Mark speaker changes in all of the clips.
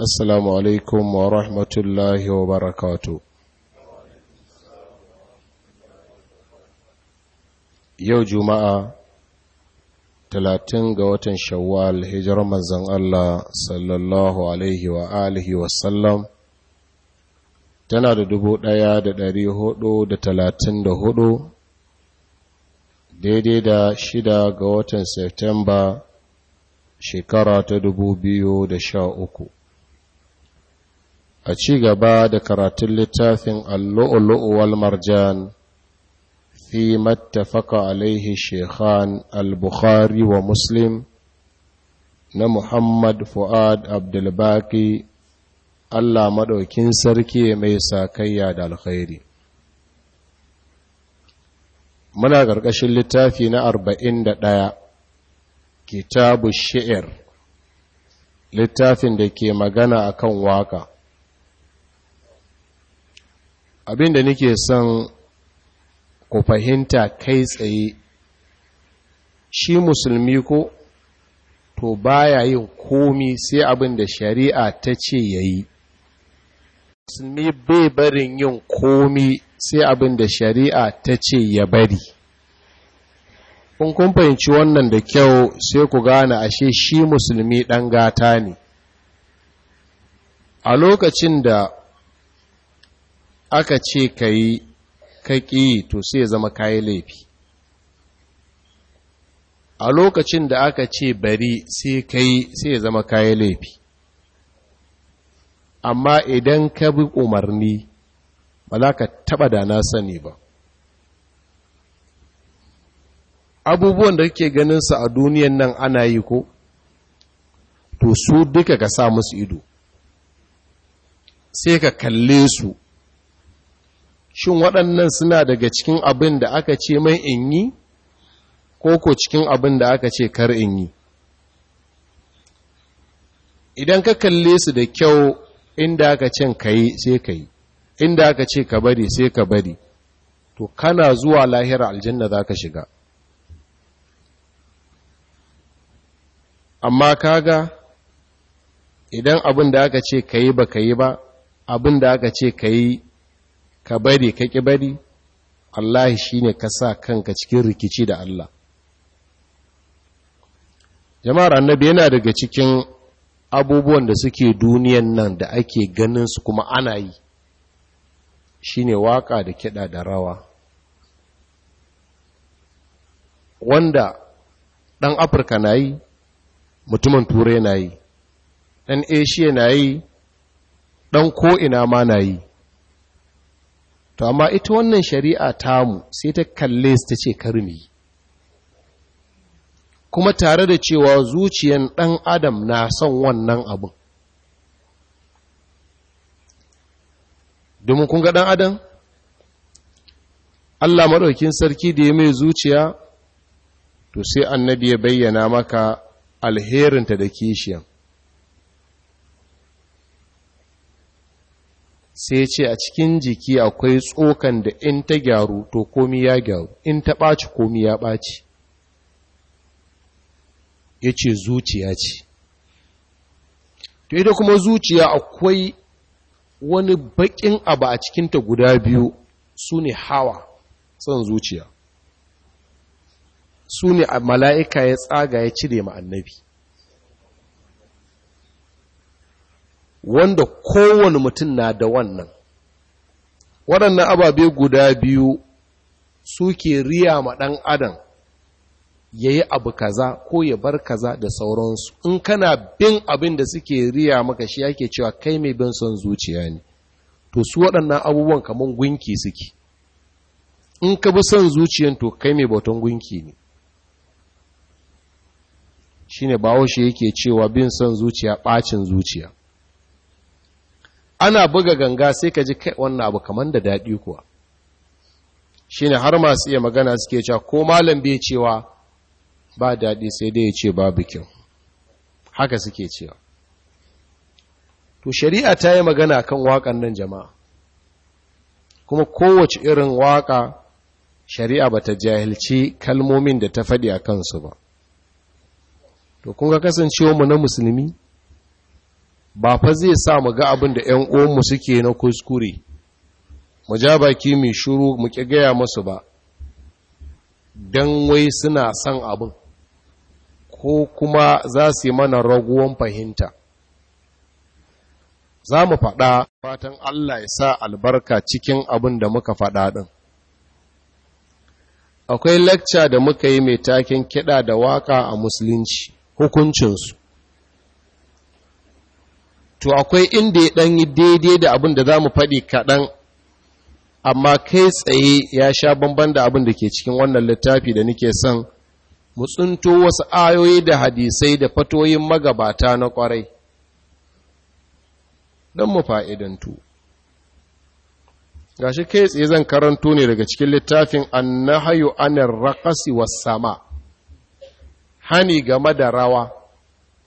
Speaker 1: assalamu alaikum wa rahmatullahi wa barakatu yau juma'a talatin ga watan shawwal hijirar manzan Allah sallallahu tana da dubu ɗaya da ɗari hudu da talatin da hudu daidai da shida ga watan Septemba shekara ta dubu biyu da sha uku a ci gaba da karatun littafin allu'ulu'u wal marjan fi mattafaka alaihi shekhan al-bukhari wa muslim na muhammad fu'ad abdulbaki allah maɗaukin sarki mai sakayya da alkhairi muna ƙarƙashin littafi na arba'in da ɗaya kitabu shi'ir littafin da ke magana akan waka abin da nake son ku fahimta kai tsaye shi musulmi ko to baya yin komi sai abin da shari'a ta ce ya yi musulmi bai barin yin komi sai abin da shari'a ta ce ya bari in kun fahimci wannan da kyau sai ku gane ashe shi musulmi ɗan gata ne a lokacin da aka ce ka yi ka ƙi to sai zama kayi laifi a lokacin da aka ce bari sai ka yi sai zama kayi laifi amma idan ka bi umarni ba za ka taɓa da na sani ba abubuwan da kake ganinsa a duniyan nan ana yi ko to su duka ka sa musu ido sai ka kalle su shin waɗannan suna daga cikin abin da aka ce mai in yi ko ko cikin abin da aka ce kar in yi idan ka kalle su da kyau inda aka ce ka yi sai ka yi inda aka ce ka bari sai ka bari to kana zuwa lahira aljanna za ka shiga amma kaga idan abin da aka ce ka yi ba ka yi ba abin da aka ce ka yi ka bari ka ƙi bari Allah shi ne ka sa kanka cikin rikici da Allah jama'ar annabi yana daga cikin abubuwan da suke duniyan nan da ake ganin su kuma ana yi shi ne waka da kiɗa da rawa wanda ɗan afirka na yi mutumin turai na yi ɗan asia na yi ɗan ko'ina ma na yi to amma ita wannan shari'a tamu sai ta kalle su ta ce karmi kuma tare da cewa zuciyan ɗan adam na son wannan abin domin kun ga ɗan adam Allah maɗaukin sarki da ya mai zuciya to sai annabi ya bayyana maka alherinta da kishiyan sai ce a cikin jiki akwai tsokan da in ta gyaru to komi ya gyaru in ta ɓaci komi ya ɓaci ya ce zuciya ce to ita kuma zuciya akwai wani baƙin abu a cikinta guda biyu su ne hawa son zuciya su ne mala'ika ya tsaga ya cire ma annabi wanda kowane mutum na da wannan waɗannan ababe guda biyu suke riya ma ɗan adam ya yi abu kaza ko ya bar kaza da sauransu in kana bin abin da suke riya maka shi yake cewa kai mai bin son zuciya ne to su waɗannan abubuwan kamar gunki suke in ka bi son zuciyan to kai mai bautan gunki ne shine bahaushe shi yake cewa bin son zuciya ɓacin zuciya ana buga ganga sai ka ji kai wannan abu kamar da daɗi kuwa shine har masu iya magana suke cewa ko malam bai cewa ba daɗi sai dai ya ce babu kyau haka suke cewa to shari'a ta yi magana kan waƙan nan jama'a kuma kowace irin waƙa shari'a ba ta jahilci kalmomin da ta faɗi a kansu ba to kun ga kasancewa mu na musulmi ba fa zai sa mu ga abin da ‘yan uwanmu suke na kuskure, mu ja baki mai shuru mu ƙi gaya musu ba, Dan wai suna son abin, ko kuma za su yi mana raguwan fahimta. Za mu faɗa fatan Allah ya sa albarka cikin abin da muka faɗa ɗin. Akwai lecture da muka yi mai taken kiɗa da waƙa a Musulunci, hukuncinsu. to akwai inda ya ɗan daidai da abin da za mu faɗi kaɗan amma kai tsaye ya sha bamban da abin da ke cikin wannan littafi da nake son mu tsunto wasu ayoyi da hadisai da fatoyin magabata na ƙwarai don mu fa'idantu Ga shi kai tsaye zan karanto ne daga cikin littafin annahayu anar raƙasi wa sama hani game da rawa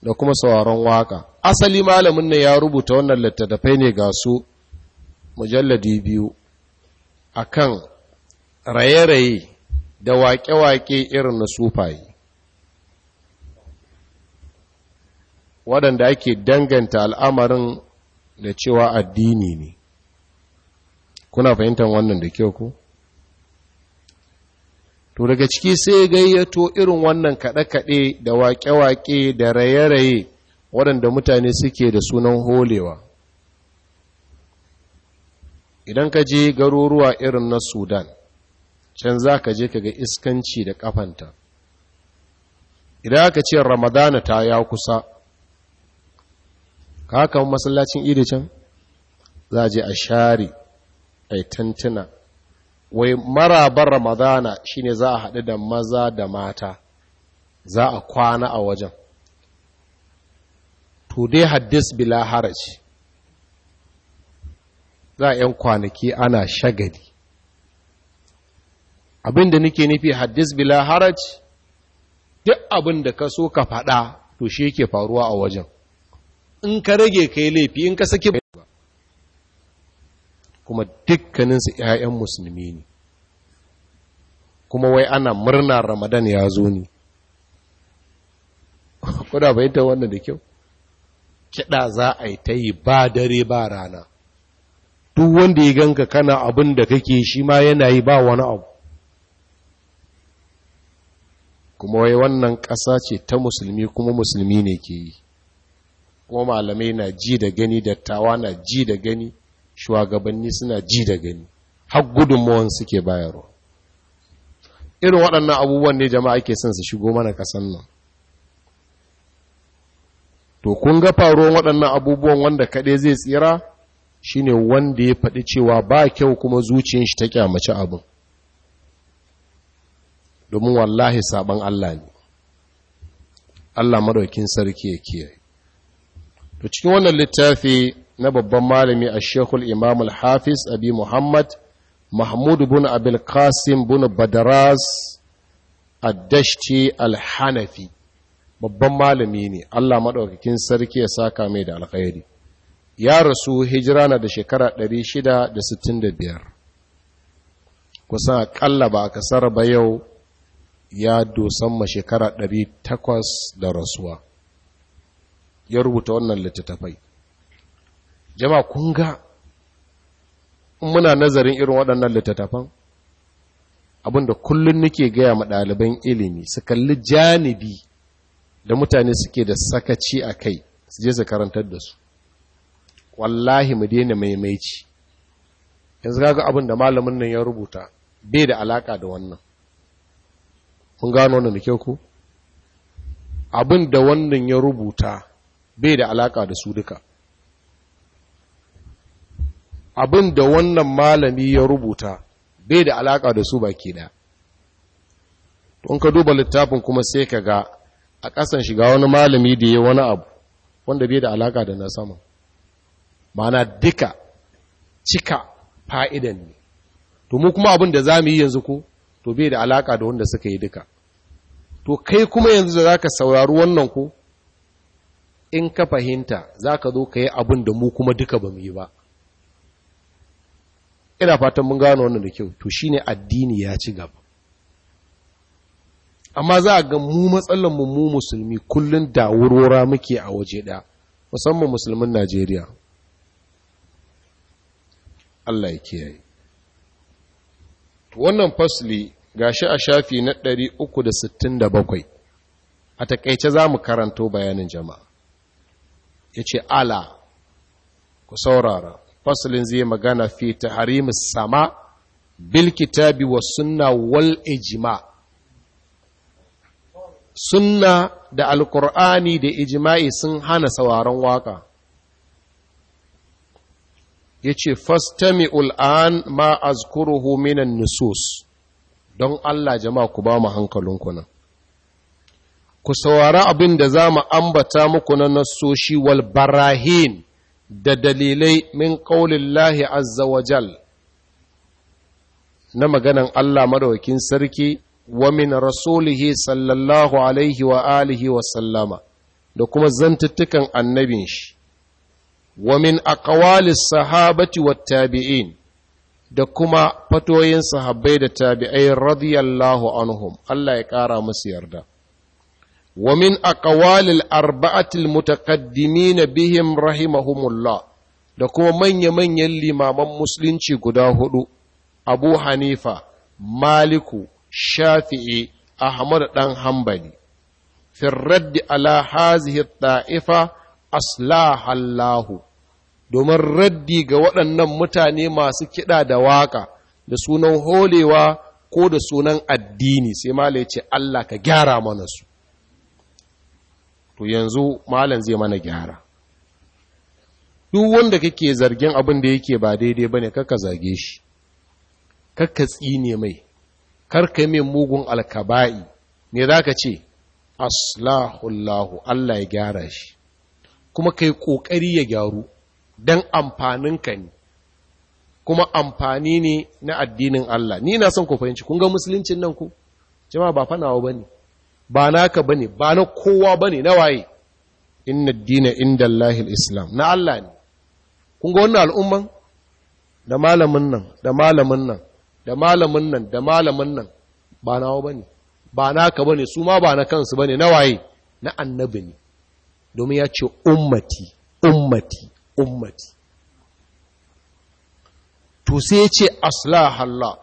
Speaker 1: da kuma sauran waka asali malamin ne ya rubuta wannan littattafai ne ga su mujalladi biyu akan raye-raye da waƙe-waƙe irin na sufaye waɗanda ake danganta al'amarin da cewa addini ne kuna fahimtar wannan da kyau ku? to daga ciki sai gayyato irin wannan kaɗe-kaɗe da waƙe-waƙe da raye-raye waɗanda mutane suke da sunan holewa idan ka je garuruwa irin na sudan can za ka je kaga iskanci da ƙafanta? idan aka ce ramadana ta ya kusa ka haka masallacin idi can za a je a share a tantuna wai marabar ramadana shine za a haɗu da maza da mata za a kwana a wajen to dai haddis bila haraji za a 'yan kwanaki ana shagali abin da nake nufi haddis bila haraj duk abin da ka so ka faɗa to shi yake faruwa a wajen in ka rage ka yi laifi in ka saki ba kuma dukkaninsu 'ya'yan musulmi ne kuma wai ana murna ramadan ya zo ne kuda ta wannan da kyau kiɗa za a yi ta yi ba dare ba rana duk wanda ya ganka kana abin da kake shi ma yana yi ba wani abu kuma wai wannan ƙasa ce ta musulmi kuma musulmi ne ke yi kuma malamai na ji da gani dattawa na ji da gani shugabanni suna ji da gani har gudunmawan suke bayarwa irin waɗannan abubuwan ne jama'a ke son su shigo mana kasan nan to kun ga faruwan waɗannan abubuwan wanda kaɗai zai tsira shi ne wanda ya faɗi cewa ba kyau kuma zuciyar shi ta kyamaci abin domin wallahi saban Allah ne Allah maɗaukin sarki ya kiyaye to cikin wannan littafi na babban malami a shekul imam al-hafiz abi muhammad mahmud bin abil qasim bin badaras ad-dashti al-hanafi babban malami ne Allah maɗaukakin sarki ya saka mai da alkhairi ya rasu hijira na da shekara 665 kusa akalla ba a kasar ba yau ya dosan ma shekara 800 da rasuwa ya rubuta wannan littattafai jama kun ga muna nazarin irin waɗannan littattafan abinda kullum nake gaya ma ɗaliban ilimi su kalli janibi da mutane suke da sakaci a kai su je su karantar da su wallahi mu daina maimaici yanzu kaga abin da malamin nan ya rubuta bai da alaka da wannan mun gano wannan da kyau ko abin da wannan ya rubuta bai da alaka da su duka abin da wannan malami ya rubuta bai da alaka da su baki da in ka duba littafin kuma sai ka ga a ƙasan shiga wani malami da ya wani abu wanda bai da alaka da na sama mana duka cika fa'idan ne to mu kuma abin da za mu yi yanzu ko to bai da alaka da wanda suka yi duka to kai kuma yanzu da za ka saurari wannan ko in ka fahimta za ka zo ka yi abin da mu kuma duka ba mu yi ba ina fatan mun gano wannan da kyau to shine addini ya ci gaba amma za a ga mu matsalar mu musulmi kullun da wurwura muke a waje ɗaya musamman musulmin Najeriya Allah ya kiyaye wannan fasli gashi a shafi na 367 a takaice za mu karanto bayanin jama'a ya ce ala ku saurara fasalin zai magana fi harimu sama bil kitabi wa sunna wal ijma' sunna da alkur'ani da ijma'i sun hana sauraron waka ya ce fastami ul'an ma azkuruhu minan nusus don Allah jama'a ku ba mu hankalinku nan ku saurari abin da za mu ambata muku na nasoshi wal barahin da dalilai min ƙaulillahi azza wajal na maganan Allah madawakin sarki wa min rasulihi sallallahu alaihi wa wa sallama da kuma zantuttukan annabin shi wa min aqwalis sahabati wat tabi'in da kuma fatoyin sahabbai da tabi'ai radiyallahu anhu, Allah ya ƙara musu yarda wa min aqwalil arba'atil mutaqaddimin bihim rahimahumullah da kuma manya-manyan limaman musulunci guda hudu abu hanifa maliku shafi'i ahmad ɗan hambali firraddi ala hazihi ta'ifa aslahallahu Allahu domin raddi ga waɗannan mutane masu kiɗa da waƙa da sunan holewa ko da sunan addini sai mala ya ce Allah ka gyara mana su to yanzu malam zai mana gyara duk wanda kake zargin abin da yake ba daidai bane kaka zage shi kaka tsine mai karka min mugun alkaba'i me za ka ce aslahullahu Allah ya gyara shi kuma kai ƙoƙari ya gyaru don amfaninka ne kuma amfani ne na addinin Allah ni na son ku fahimci kun ga musuluncin nan ku jama'a ba fanawa bane ba naka bane ba na kowa bane na waye inna ad-dina inda islam na Allah ne kun ga wannan al'umman da malamin nan da malamin nan da malamin nan da malamin nan ba nawa ba ne ba naka ba ne su ma ba na kansu ba ne na waye na annabi ne domin ya ce ummati ummati ummati to sai ya ce aslahallah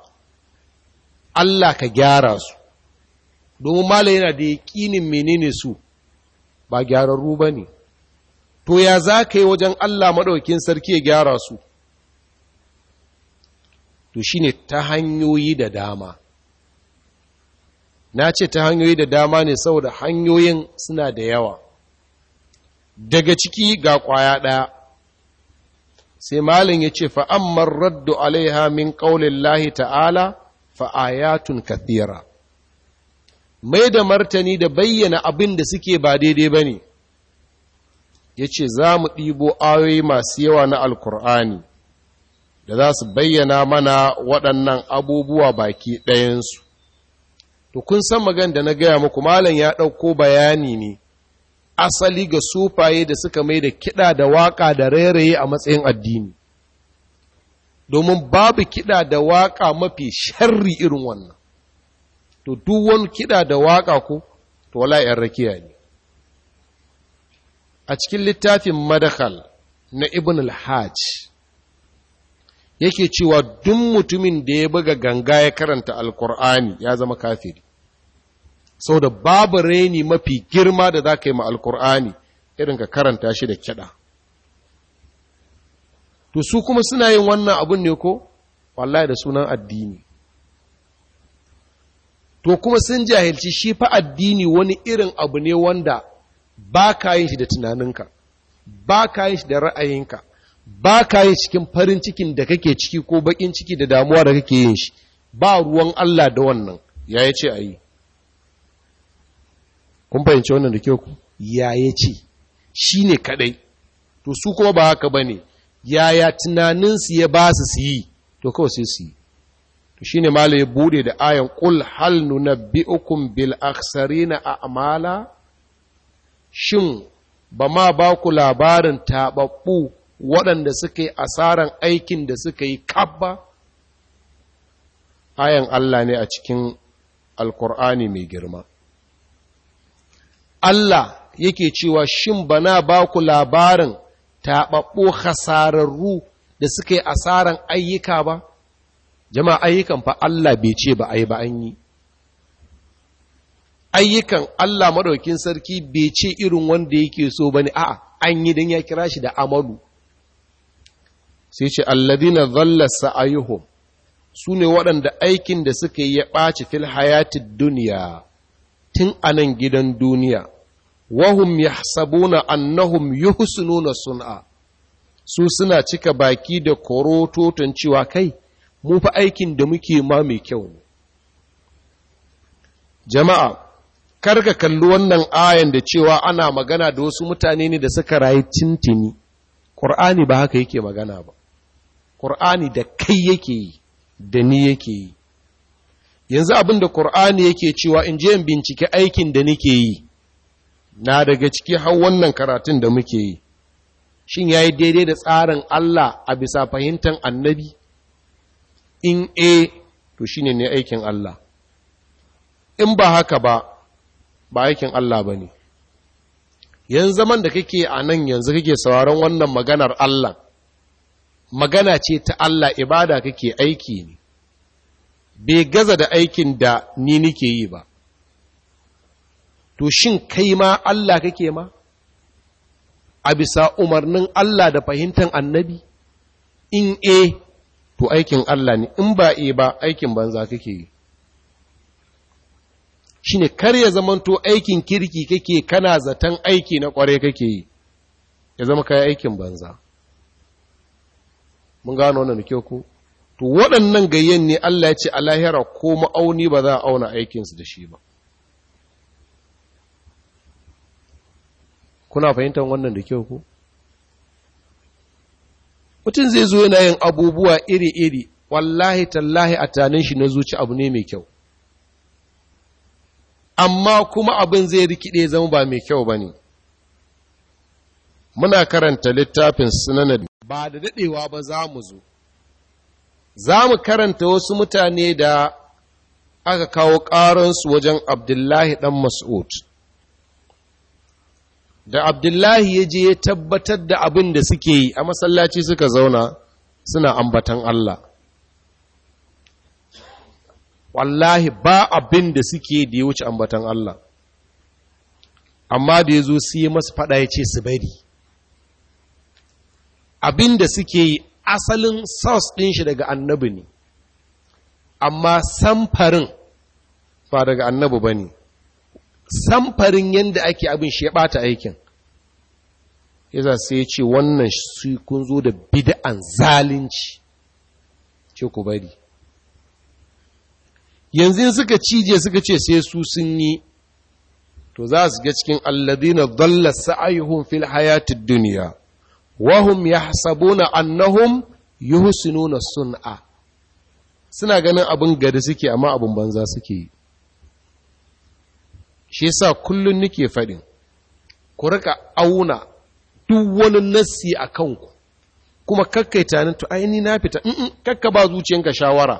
Speaker 1: Allah ka gyara su domin malai yana da yaƙinin menene su ba gyararru ba ne to ya za ka yi wajen Allah maɗaukin sarki ya gyara su to ne ta hanyoyi da dama na ce ta hanyoyi da dama ne saboda hanyoyin suna da yawa daga ciki ga kwaya ɗaya sai malin ya ce fa'ammar raddu alaiha min ƙaunin lahi ta'ala fa'ayatun kathira mai da martani da bayyana abin da suke ba daidai ba ne ya ce za mu ɗibo ayoyi masu yawa na alkur'ani da za su bayyana mana waɗannan abubuwa baki ɗayansu. To, kun san magan da na gaya muku, malam ya ɗauko bayani ne, asali ga sufaye da suka mai da kiɗa da waƙa da rairaye a matsayin addini. Domin babu kiɗa da waƙa mafi sharri irin wannan. To, duk wani kiɗa da waƙa ku to wala ‘yan rakiya ne. A cikin littafin madakal na Ibn al-Hajj, yake cewa duk mutumin da ya buga ganga ya karanta alkur'ani ya zama kafiri sau da babu raini mafi girma da za ka yi ma alkur'ani irin ka karanta shi da kyada. to su kuma suna yin wannan abun ne ko wallahi da sunan addini to kuma sun jahilci shi fa addini wani irin abu ne wanda ba ka yin shi da tunaninka ba ka yin shi da ra'ayinka ba ka yi cikin farin cikin da kake ciki ko bakin ciki da damuwa da kake yin shi ba ruwan Allah da wannan ya ce a yi kun fahimci wannan da ke ku ya ce shi ne kaɗai to su kuma ba haka ba ne yaya tunaninsu ya ba su su yi to kawai sai su yi to shi ne mala ya bude da ayan kul hal nuna bi'ukun bil aksarina a amala shin ba ma ba ku labarin taɓaɓɓu waɗanda suka yi asaran aikin da suka yi kabba ayan Allah ne a cikin alkur'ani mai girma Allah yake cewa shin bana ba ku labarin taɓaɓɓo hasararru da suka yi asaran ayyuka ba jama'a ayyukan fa Allah bai ce ba a yi ba an yi ayyukan Allah maɗaukin sarki bai ce irin wanda yake so ba ne a'a an yi don ya kira shi da amalu sai ce alladina zallar sa’ayuhu su ne waɗanda aikin da suka yi ya ɓaci fil hayatid duniya tun anan gidan duniya wahum ya yahsabuna annahum nuna sun'a su suna cika baki da korototon cewa kai mu fa aikin da muke ma mai kyau ne jama'a karka kalli wannan ayan da cewa ana magana da wasu mutane ne da suka rayu tintini ƙur'ani ba haka yake magana ba ƙur'ani da kai yake yi da ni yake yi yanzu abin da ƙur'ani yake cewa in je in bincike aikin da nake yi na daga ciki har wannan karatun da muke yi shin ya yi daidai da tsarin Allah a bisa fahimtar annabi in a eh, to shi ne aikin Allah in ba haka ba ba aikin Allah ba ne yanzu zaman da kake a nan yanzu kake sauraron wannan maganar Allah magana ce ta Allah ibada kake aiki ne bai gaza da aikin da ni nike yi ba to shin kai ma Allah kake ma a bisa umarnin Allah da fahimtar annabi in e to aikin Allah ne in ba e ba aikin banza kake yi shine kar ya zamanto aikin kirki kake kana zaton aiki na kware kake yi ya zama kai aikin banza mun gano wannan kyau ku. to waɗannan gayyen ne Allah ya ce a lahira ko ma'auni ba za a auna aikinsu da shi ba kuna fahimtar wannan da kyau ku? mutum zai zo yana yin abubuwa iri-iri wallahi tallahi a tanin shi na zuci abu ne mai kyau amma kuma abin zai rikide zama ba mai kyau ba ne muna karanta littafin sunanan ba da daɗewa ba za mu zo za mu karanta wasu mutane da aka kawo ƙaransu wajen abdullahi ɗan mas'ud da abdullahi ya je ya tabbatar da abin da suke yi a masallaci suka zauna suna ambatan Allah wallahi ba abin da suke da ya wuce ambatan Allah amma da ya zo su yi masu faɗa ya ce su bari abin da suke yi asalin source ɗin shi daga annabi ne amma samfarin ba daga annabi ba ne samfarin yadda ake abin shi ya ɓata aikin yasa sai ya ce wannan su kun zo da bid'an zalunci ce ku bari yanzu suka cije suka ce sai su sun yi to za su ga cikin alladina dalla sa'ayuhum fil hayatid duniya wahum ya yahsabuna annahum yuhsinuna sun'a suna ganin abin gari suke amma abin banza suke yi shi yasa kullun nake faɗin ku rika auna duk wani nassi a kanku kuma kakkaita ni to ni na fita in kakka ba zuciyanka shawara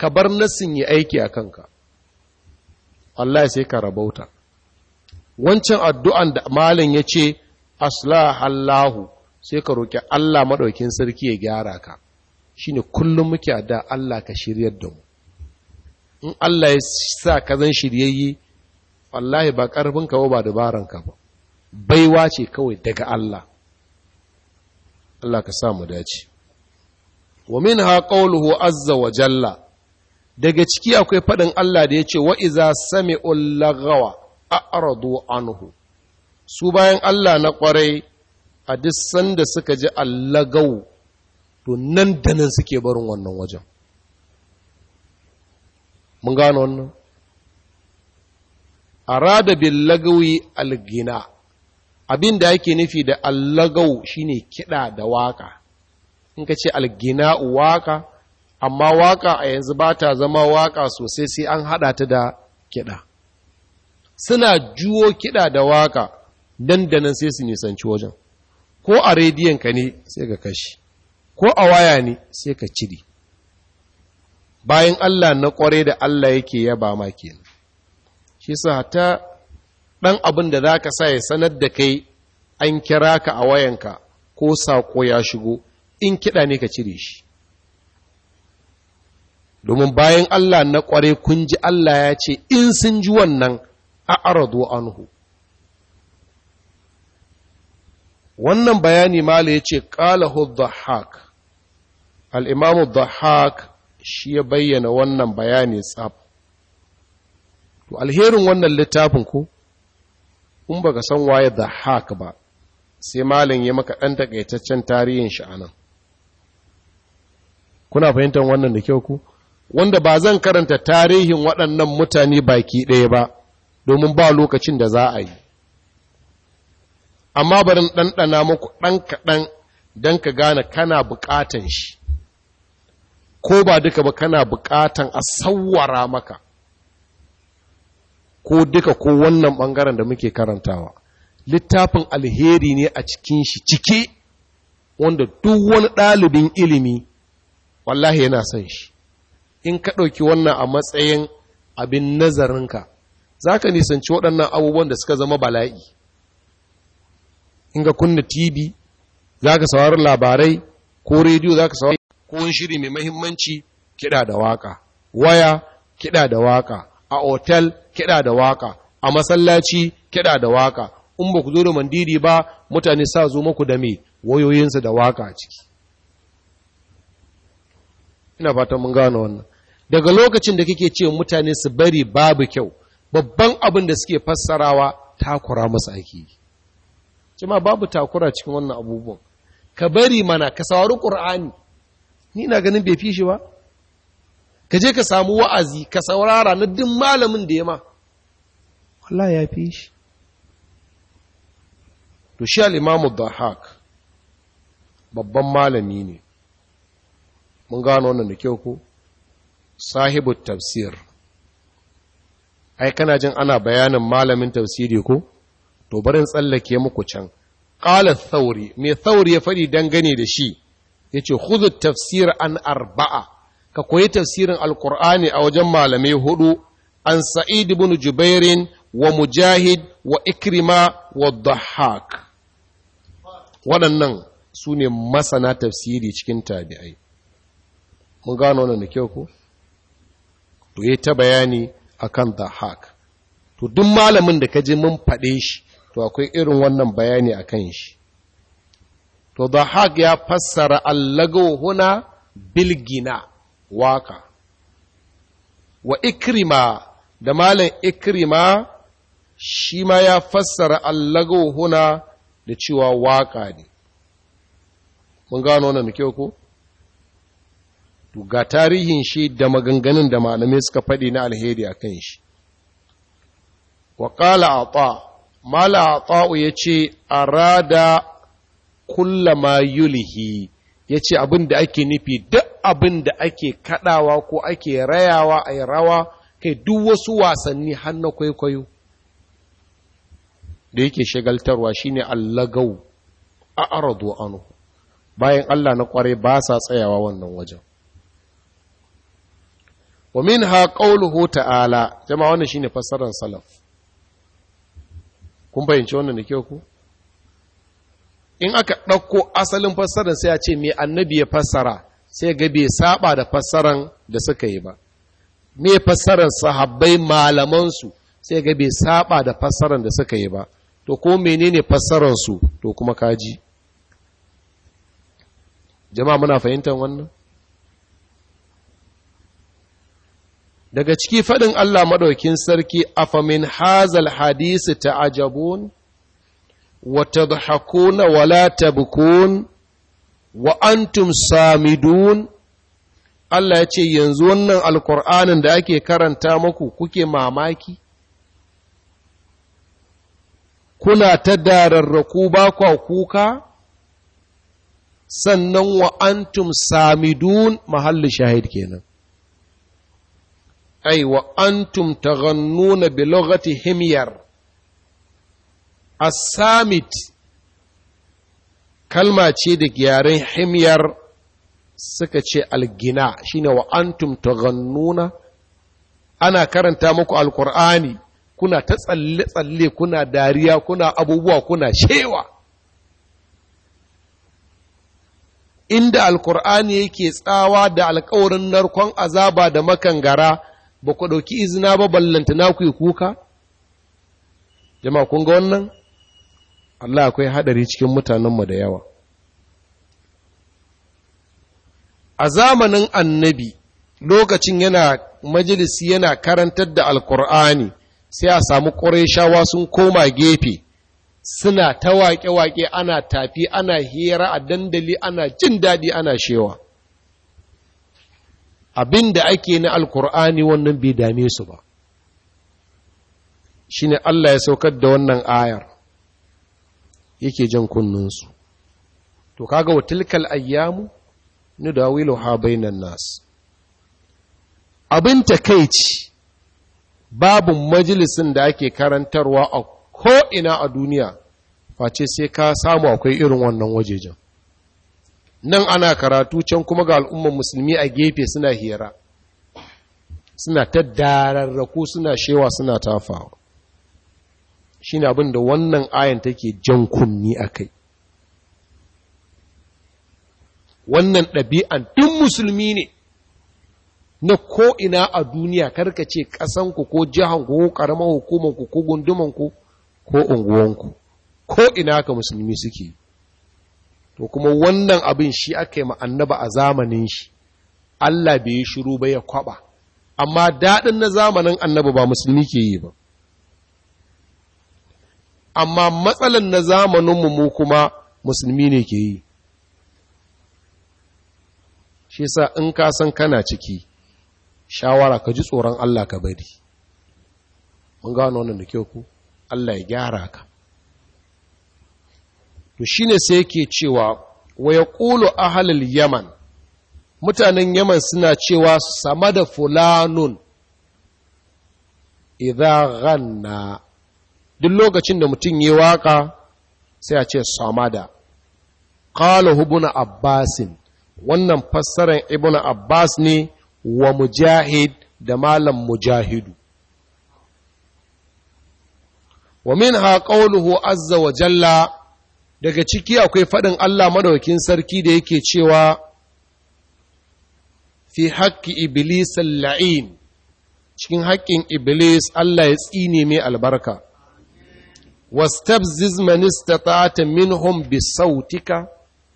Speaker 1: ka bar nassin yi aiki a kanka Allah sai ka rabauta wancan addu'an da malin ya ce aslahallahu Allahu sai ka roƙi Allah maɗaukin sarki ya gyara ka Shin kullum muke a da Allah ka shiryar da mu in Allah ya sa ka zan shiryayye wallahi ba ƙarfin ka ba dabaran ka ba baiwa ce kawai daga Allah Allah ka sa mu dace wa minha qawluhu azza wa jalla daga ciki akwai faɗin Allah da ya ce wa iza sami'ul lagawa a'radu anhu su bayan Allah na ƙwarai a duk sanda suka ji allagau to nan da nan suke barin wannan wajen mun gano wannan A bin billagawi algina abin da yake nufi da allagau shine kiɗa da waka in ka ce algina waka amma waka a yanzu ba ta zama waka sosai sai an haɗa ta da kiɗa suna juwo kiɗa da waka dandanan sai su nisanci wajen ko a rediyon ka ne sai ka kashi ko a waya ne sai ka cire bayan Allah na kware da Allah yake yaba ma kenan shi sa hatta dan abin da zaka sa ya sanar da kai an kira ka a wayanka ko sako ya shigo in kiɗa ne ka cire shi domin bayan Allah na kware kun ji Allah ya ce in sun ji wannan a aradu anhu wannan bayani mala ya ce ƙalahu dhahak al'imamu dhahak shi ya bayyana wannan bayani tsab to alherin wannan littafin ku in ka san waye dhahak ba sai malin ya maka ɗan takaitaccen tarihin shi anan kuna fahimtar wannan da kyau ku wanda ba zan karanta tarihin waɗannan mutane baki ɗaya ba domin ba lokacin da za a yi amma barin ɗanɗana muku ɗan kaɗan don ka gane kana buƙatan shi ko ba duka ba kana buƙatan a sawwara maka ko duka ko wannan ɓangaren da muke karantawa littafin alheri ne a cikin shi cike wanda duk wani ɗalibin ilimi wallahi yana son shi in ka ɗauki wannan a matsayin abin nazarinka za ka nisanci waɗannan abubuwan da suka zama bala'i in ga kunna tv za ka saurari labarai ko rediyo za ka saurari ko shiri mai mahimmanci kiɗa da waka waya kiɗa da waka a otel kiɗa da waka a masallaci kiɗa da waka in ba ku zo da mandiri ba mutane sa zo maku da me wayoyinsa da waka a ciki ina fatan mun gano wannan daga lokacin da kike ce mutane su bari babu kyau babban abin da suke fassarawa takura masu aiki jama babu takura cikin wannan abubuwan ka bari mana ka saurari ƙur'ani ni na ganin bai fi shi ba ka je ka samu wa'azi ka saurara na duk malamin da ya ma ya fi shi to shi al'imamu babban malami ne mun gano wannan da kyau ko sahibu tafsir ai kana jin ana bayanin malamin tafsiri ko to barin tsallake muku can qala thauri me thauri ya faɗi dangane da shi yace khudhu tafsir an arba'a ka koyi tafsirin alqur'ani a wajen malamai hudu an sa'id ibn jubairin wa mujahid wa ikrima wa dhahhak waɗannan su ne masana tafsiri cikin tabi'ai mun gano wannan da kyau ko to yi ta bayani akan dhahhak to duk malamin da ka je mun faɗe shi to akwai irin wannan bayani a kan shi to haka ya fassara allago huna bilgina waka wa ikrima da malam ikrima shi ma ya fassara allago huna da cewa waka ne mun gano wannan kyau ko to ga tarihin shi da maganganun da malamai suka faɗi na alheri a kan shi wa qala ata mala ta'u ya ce arada kullama yulihi ya ce abin da ake nufi duk abin da ake kadawa ko ake rayawa a rawa kai duk wasu wasanni har kwaikwayo da yake shagaltarwa shine allagau a aradu anu bayan Allah na kware ba sa tsayawa wannan wajen wa minha qawluhu ta'ala jama'a wannan shine fassarar salaf kun fahimci wannan da kyau ku in aka ɗauko asalin fassarar sai a ce mai annabi ya fassara sai ga bai saba da fassaran da suka yi ba me fassarar sahabbai malamansu sai ga bai saba da fassarar da suka yi ba to ko menene fassararsu to kuma kaji jama'a muna fahimtar wannan daga ciki faɗin Allah maɗaukin sarki afamin hazal hadisi ta wa tadhakuna wala ta tabkun wa antum samidun Allah ya ce yanzu wannan alkur'anin da ake karanta maku kuke mamaki kuna ta dararraku ba kwa kuka sannan wa antum samidun mahallin shahid kenan ai wa antum taghannuna bi lughati himyar as-samit kalma ce da yaren himyar suka ce algina shine wa antum taghannuna ana karanta muku alqur'ani kuna ta tsalle-tsalle kuna dariya kuna abubuwa kuna shewa inda alkur'ani yake tsawa da alkawarin narkon azaba da makangara ba ku ɗauki izina ba ballanta na ku yi kuka jama kun ga wannan Allah akwai haɗari cikin mutanenmu da yawa a zamanin annabi lokacin yana majalisi yana karantar da alkur'ani sai a samu ƙorashawa sun koma gefe suna ta waƙe-waƙe ana tafi ana hira a dandali ana jin daɗi ana shewa abin da ake na alkur'ani wannan bai dame su ba shine Allah ya saukar da wannan ayar yake jan kunninsu to kaga wa tilkal ayyamu ha bainan nas abin takeici babu majalisin da ake karantarwa a ina a duniya face sai ka samu akwai irin wannan wajejen nan ana karatu can kuma ga al'umman musulmi a gefe suna hira suna ta dararraku suna shewa suna tafawa shi ne abin da wannan ayan take jan kunni a kai wannan ɗabi'an ɗin musulmi ne na ko'ina a duniya karkace ƙasanku ko jihanku ko ƙaramar hukumanku ko gundumanku ko unguwanku ko'ina ka musulmi suke yi to kuma wannan abin shi aka yi annaba a zamanin shi Allah bai yi shiru ba ya kwaba amma daɗin na zamanin annaba ba musulmi ke yi ba amma matsalan na zamaninmu mu kuma musulmi ne ke yi shi sa in ka san kana ciki shawara ka ji tsoron Allah ka bari mun gano wannan da kyau ku Allah ya gyara ka to shi ne sai yake cewa wa a ahlul yaman mutanen yaman suna cewa sama da fulanun idza duk lokacin da mutum yi waka sai a ce samada qala Hubuna abbasin wannan fassarar ibn abbas ne wa mujahid da malam mujahidu wa min haƙa azza wa jalla daga ciki akwai faɗin Allah madaukin sarki da yake cewa fi haƙƙi iblis la'in cikin haƙƙin iblis Allah ya tsine mai albarka wastabziz man istata'ta minhum bi sautika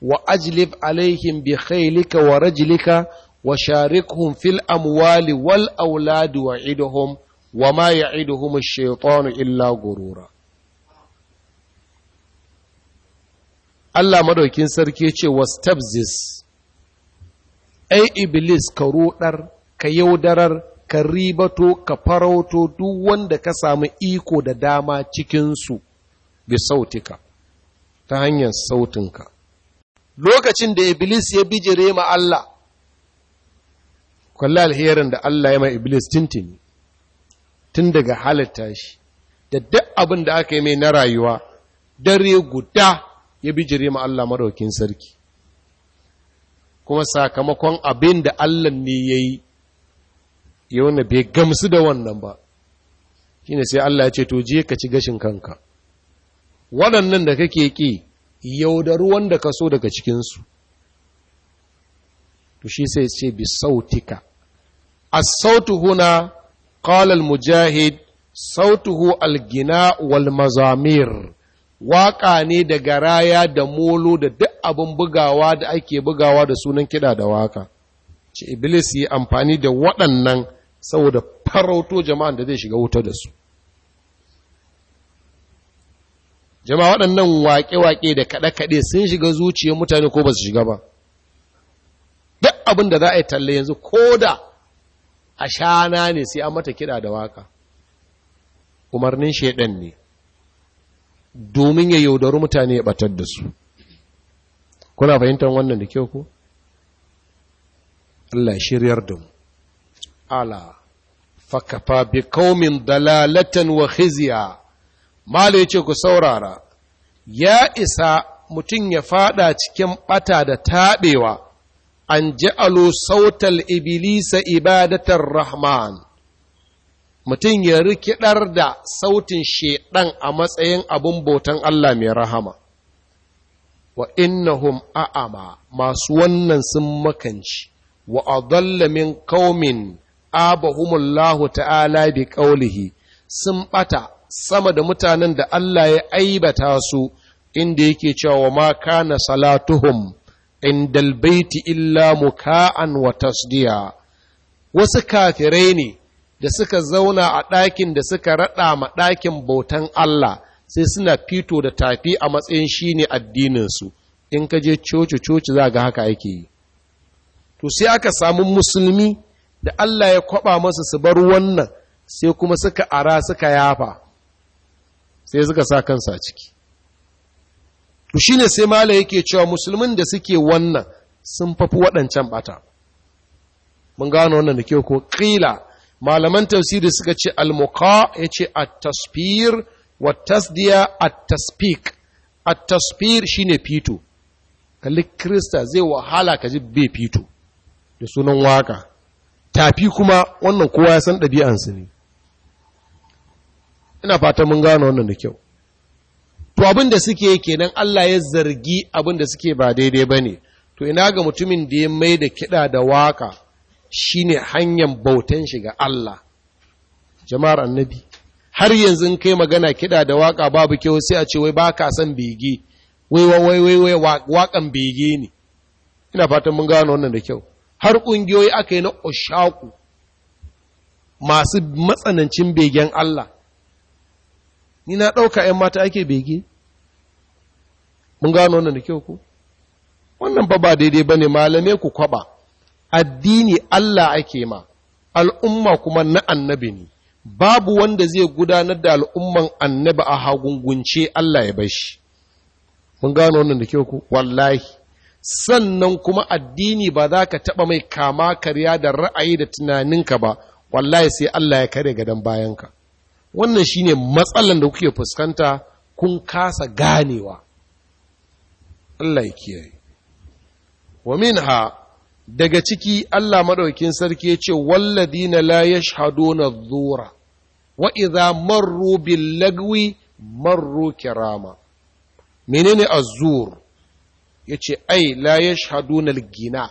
Speaker 1: wa ajlib alaihim bi khaylika wa rajlika wa sharikhum fil amwali wal auladi wa idhum wa ma ya'iduhum ash illa gurura Allah madaukin sarki ce tabzis ai iblis ka rudar ka yaudarar ka ribato ka farauto duk wanda ka samu iko da dama cikinsu bi sautika ta hanyar sautinka lokacin da iblis ya bijire ma Allah kwallo alherin da Allah ya ma iblis tintini tun daga halitta shi da duk abin da aka yi mai na rayuwa dare guda ya bijire ma Allah madaukin sarki kuma sakamakon abin da Allah ne ya yi ya wanda bai gamsu da wannan ba shine sai Allah ya ce to je ka ci gashin kanka waɗannan da kake ƙi yaudaru wanda ka so daga cikinsu to shi sai ce bi sautika as-sautu huna qala al-mujahid sautuhu al-gina wal mazamir waƙa ne da garaya da molo da duk abin bugawa da ake bugawa da sunan kiɗa da waka. ce iblis yi amfani da waɗannan saboda farauto jama'an da zai shiga wuta da su jama'a waɗannan waƙe-waƙe da kaɗe-kaɗe sun shiga zuciyar mutane ko ba su shiga ba duk abin da za a yi talle yanzu ko da a shana ne sai an mata kiɗa da waka umarnin shaiɗan ne domin ya yaudari mutane ya batar da su kuna fahimtar wannan da kyau ko Allah shiryar da mu ala fakafa bi qaumin dalalatan wa khizya mala yace ku saurara ya isa mutum ya fada cikin bata da taɓewa. an ja'alu sautal ibilisa ibadatar rahman mutum ya rikidar da sautin shedan a matsayin abin bautan Allah mai rahama wa innahum a'ama masu wannan sun makanci wa adalla kaumin abahumullahu ta'ala bi sun ɓata sama da mutanen da Allah ya aibata su inda yake cewa wa ma kana salatuhum indal baiti illa muka'an wa tasdiya wasu kafirai ne da suka zauna a ɗakin da suka raɗa ma ɗakin bautan Allah sai suna fito da tafi a matsayin shi ne addininsu in ka je coci-coci za ga haka ake yi to sai aka samu musulmi da Allah ya kwaba masa su bar wannan sai kuma suka ara suka yafa sai suka sa kansa ciki to shine sai mala yake cewa musulmin da suke wannan sun fafi waɗancan bata mun gano wannan da kyau ko ƙila malaman tafsiri suka ce almuka ya ce a tasfir wa tasdiya a tasfik at-tasfir ne fito kalli krista zai wahala ka ji bai fito da sunan waka tafi kuma wannan kowa ya san ɗabi'ansu ne ina fata mun gano wannan da kyau to abin da suke kenan Allah ya zargi abin da suke ba daidai ba ne to ina ga mutumin da ya mai da kiɗa da waka shine hanyar bautan shi ga Allah jama'ar annabi har yanzu in kai magana kiɗa da waka babu kyau sai a ce wai ba ka san bege wai wai wai wai wakan bege ne ina fatan mun gano wannan da kyau har ƙungiyoyi aka yi na oshaku masu matsanancin begen Allah ni na ɗauka ‘yan mata ake bege mun gano wannan da kyau ku wannan ba ba daidai ba ne malamai ku kwaba addini Allah ake ma al'umma kuma na annabi ne babu wanda zai gudanar da al'umman annabi a hagungunce Allah ya bashi mun gano wannan da kyau ku wallahi sannan kuma addini ba za ka taɓa mai kama karya da ra'ayi da tunaninka ba wallahi sai Allah ya kare gadon bayanka wannan shi ne matsalan da kuke fuskanta kun kasa ganewa Allah ya kiyaye wa ha, daga ciki Allah maɗaukin sarki ya ce walladina la yashhaduna dhura wa idza marru bil lagwi marru kirama menene azzur yace ai la yashhaduna al gina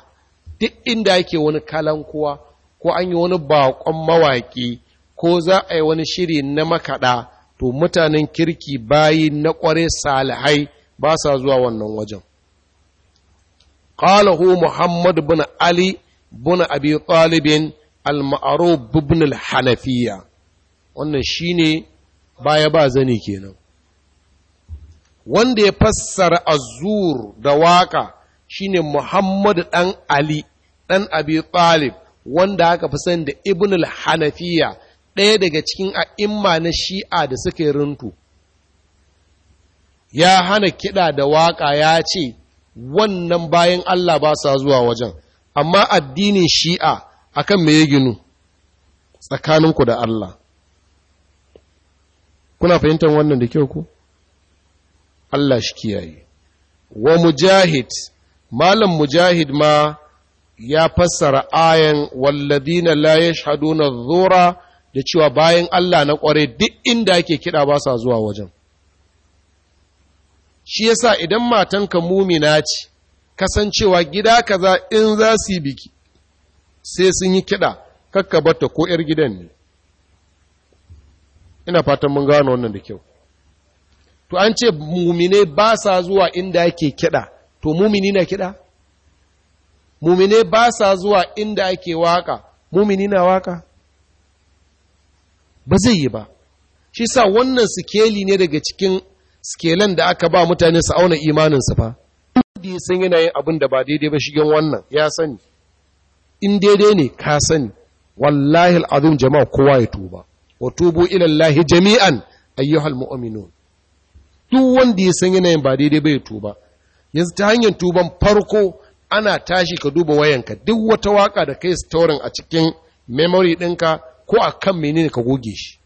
Speaker 1: duk inda yake wani kalan kuwa ko an yi wani baƙon mawaƙi ko za a yi wani shiri na makaɗa to mutanen kirki bayi na ƙware salihai ba sa zuwa wannan wajen qalahu muhammad bin ali bin abi talib al ibn al wannan shine baya ba zani kenan wanda ya fassara azur da waka shine muhammad dan ali dan abi talib wanda aka fi sani da ibn al-hanafiya ɗaya daga cikin a'imma na shi'a da suke runtu ya hana kiɗa da waƙa ya ce wannan bayan Allah ba sa zuwa wajen amma addinin shi'a akan me ya ginu tsakaninku da Allah kuna fahimtar wannan da kyau ku Allah shi kiyaye wa mujahid malam mujahid ma ya fassara ayan walladina la yashhaduna dhura da cewa bayan Allah na kware duk inda ake kiɗa ba sa zuwa wajen shi yasa idan matanka mumina ce kasancewa gida kaza in za su yi biki sai sun yi kiɗa kakkabarta ko 'yar gidan ne ina fatan mun gano wannan da kyau to an ce mumine ba sa zuwa inda ake kiɗa to mumini na kiɗa mumine ba sa zuwa inda ake waka mumini na waka ba zai yi ba shi sa wannan sikeli ne daga cikin skelen da aka ba mutane su auna imaninsu fa da ya yana yin abin da ba daidai ba shigen wannan ya sani in daidai ne ka sani wallahi al’adun jama'a kowa ya tuba wa tubu ilallahi jami'an ayyuhal muaminu duk wanda ya san yana yin ba daidai ba ya tuba yanzu ta hanyar tuban farko ana tashi ka duba wayanka duk wata waka da kai storin a cikin memory ɗinka ko a kan menene ka goge shi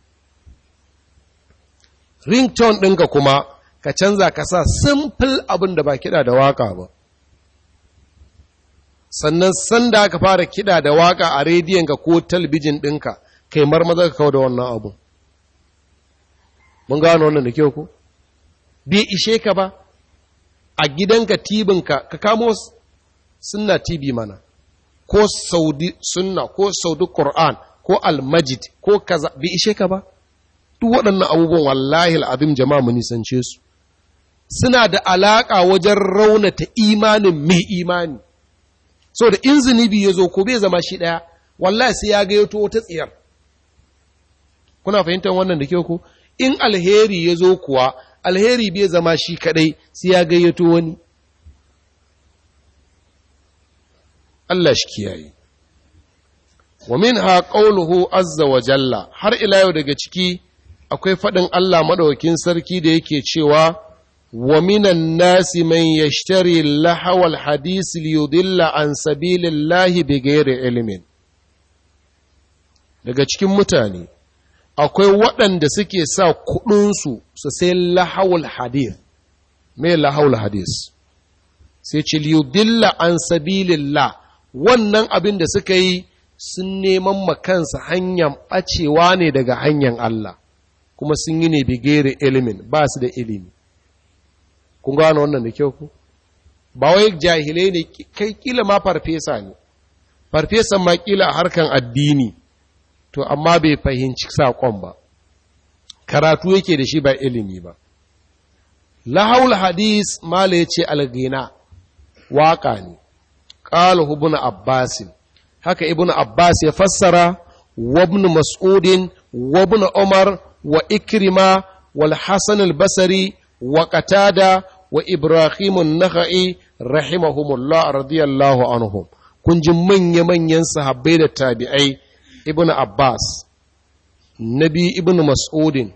Speaker 1: ringtone ɗinka kuma ka canza ka sa simple abin da ba kiɗa da waka ba sannan sanda ka fara kiɗa da waka a rediyon ka ko talbijin ɗinka kai marmaza ka kawo da wannan abu mun gano wannan da kyau ku bai ishe ka ba a gidanka tibinka ka kamo sunna tibi mana ko saudi sunna ko saudi ƙor'an ko almajid ko kaza bai ishe ka ba duk waɗannan abubuwan wallahi al'adun jama'a mu nisance su suna da alaƙa wajen raunata imanin mai imani so da in zunubi ya zo ko bai zama shi ɗaya wallahi sai ya gayyato wata tsiyar kuna fahimtar wannan da kyau ko in alheri ya zo kuwa alheri bai zama shi kaɗai sai ya gayyato wani Allah shi kiyaye wa minha qawluhu azza wa jalla har ila yau daga ciki akwai faɗin Allah maɗaukin sarki da yake cewa wa minan nasi man yashtari lahawal hadisi liyudilla an sabilillahi bighairi ilmin daga cikin mutane akwai waɗanda suke sa kuɗinsu su sai lahawul hadith me hadis sai ce liyudilla an sabilillah wannan abin da suka yi sun neman makansa hanyar ɓacewa ne daga hanyar Allah kuma sun yi ne bigere ilimin ba su da ilimi kun gano wannan da kyau ku ba wai jahilai ne kai kila ma farfesa ne farfesan ma kila harkan addini to amma bai fahimci saƙon ba karatu yake da shi ba ilimi ba lahaul hadis mala ya ce algina waƙa ne ƙalahu ibn abbas haka ibn abbas ya fassara wa wabnu mas'udin wabnu umar wa ikrima wal hasan al wa qatada wa ibrahim an-nakhai rahimahumullah radiyallahu anhum kun ji manya manyan sahabbai da tabi'ai ibn abbas nabi ibn mas'udin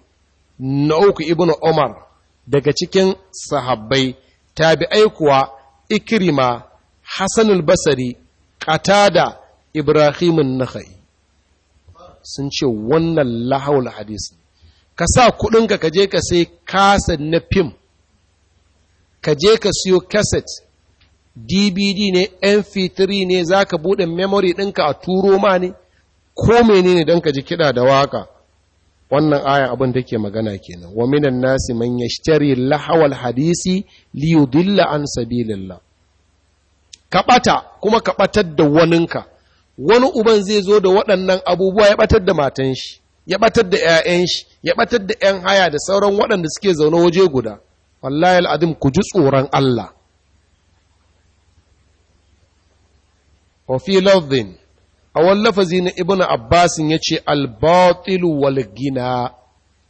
Speaker 1: na uku ibn umar daga cikin sahabbai tabi'ai kuwa ikrima hasan al-basri qatada ibrahim an-nakhai sun ce wannan lahawul hadisi ka sa kuɗinka ka je ka sai kaset na fim ka je ka siyo kaset dvd ne mp3 ne za ka buɗe memory ɗinka a turo ma ne ko menene don ka ji kiɗa da waka wannan aya abin take magana kenan wa minan nasi man yashtari lahawal hadisi li yudilla an sabilillah ka ɓata kuma ka ɓatar da waninka wani uban zai zo da waɗannan abubuwa ya ɓatar da matan shi ya batar da 'ya'yan shi ya batar da 'yan haya da sauran waɗanda suke zaune waje guda wallahi al'adim ku ji tsoron Allah wa fi lafzin a wallafa na Ibn abbasin ya ce albatilu wal gina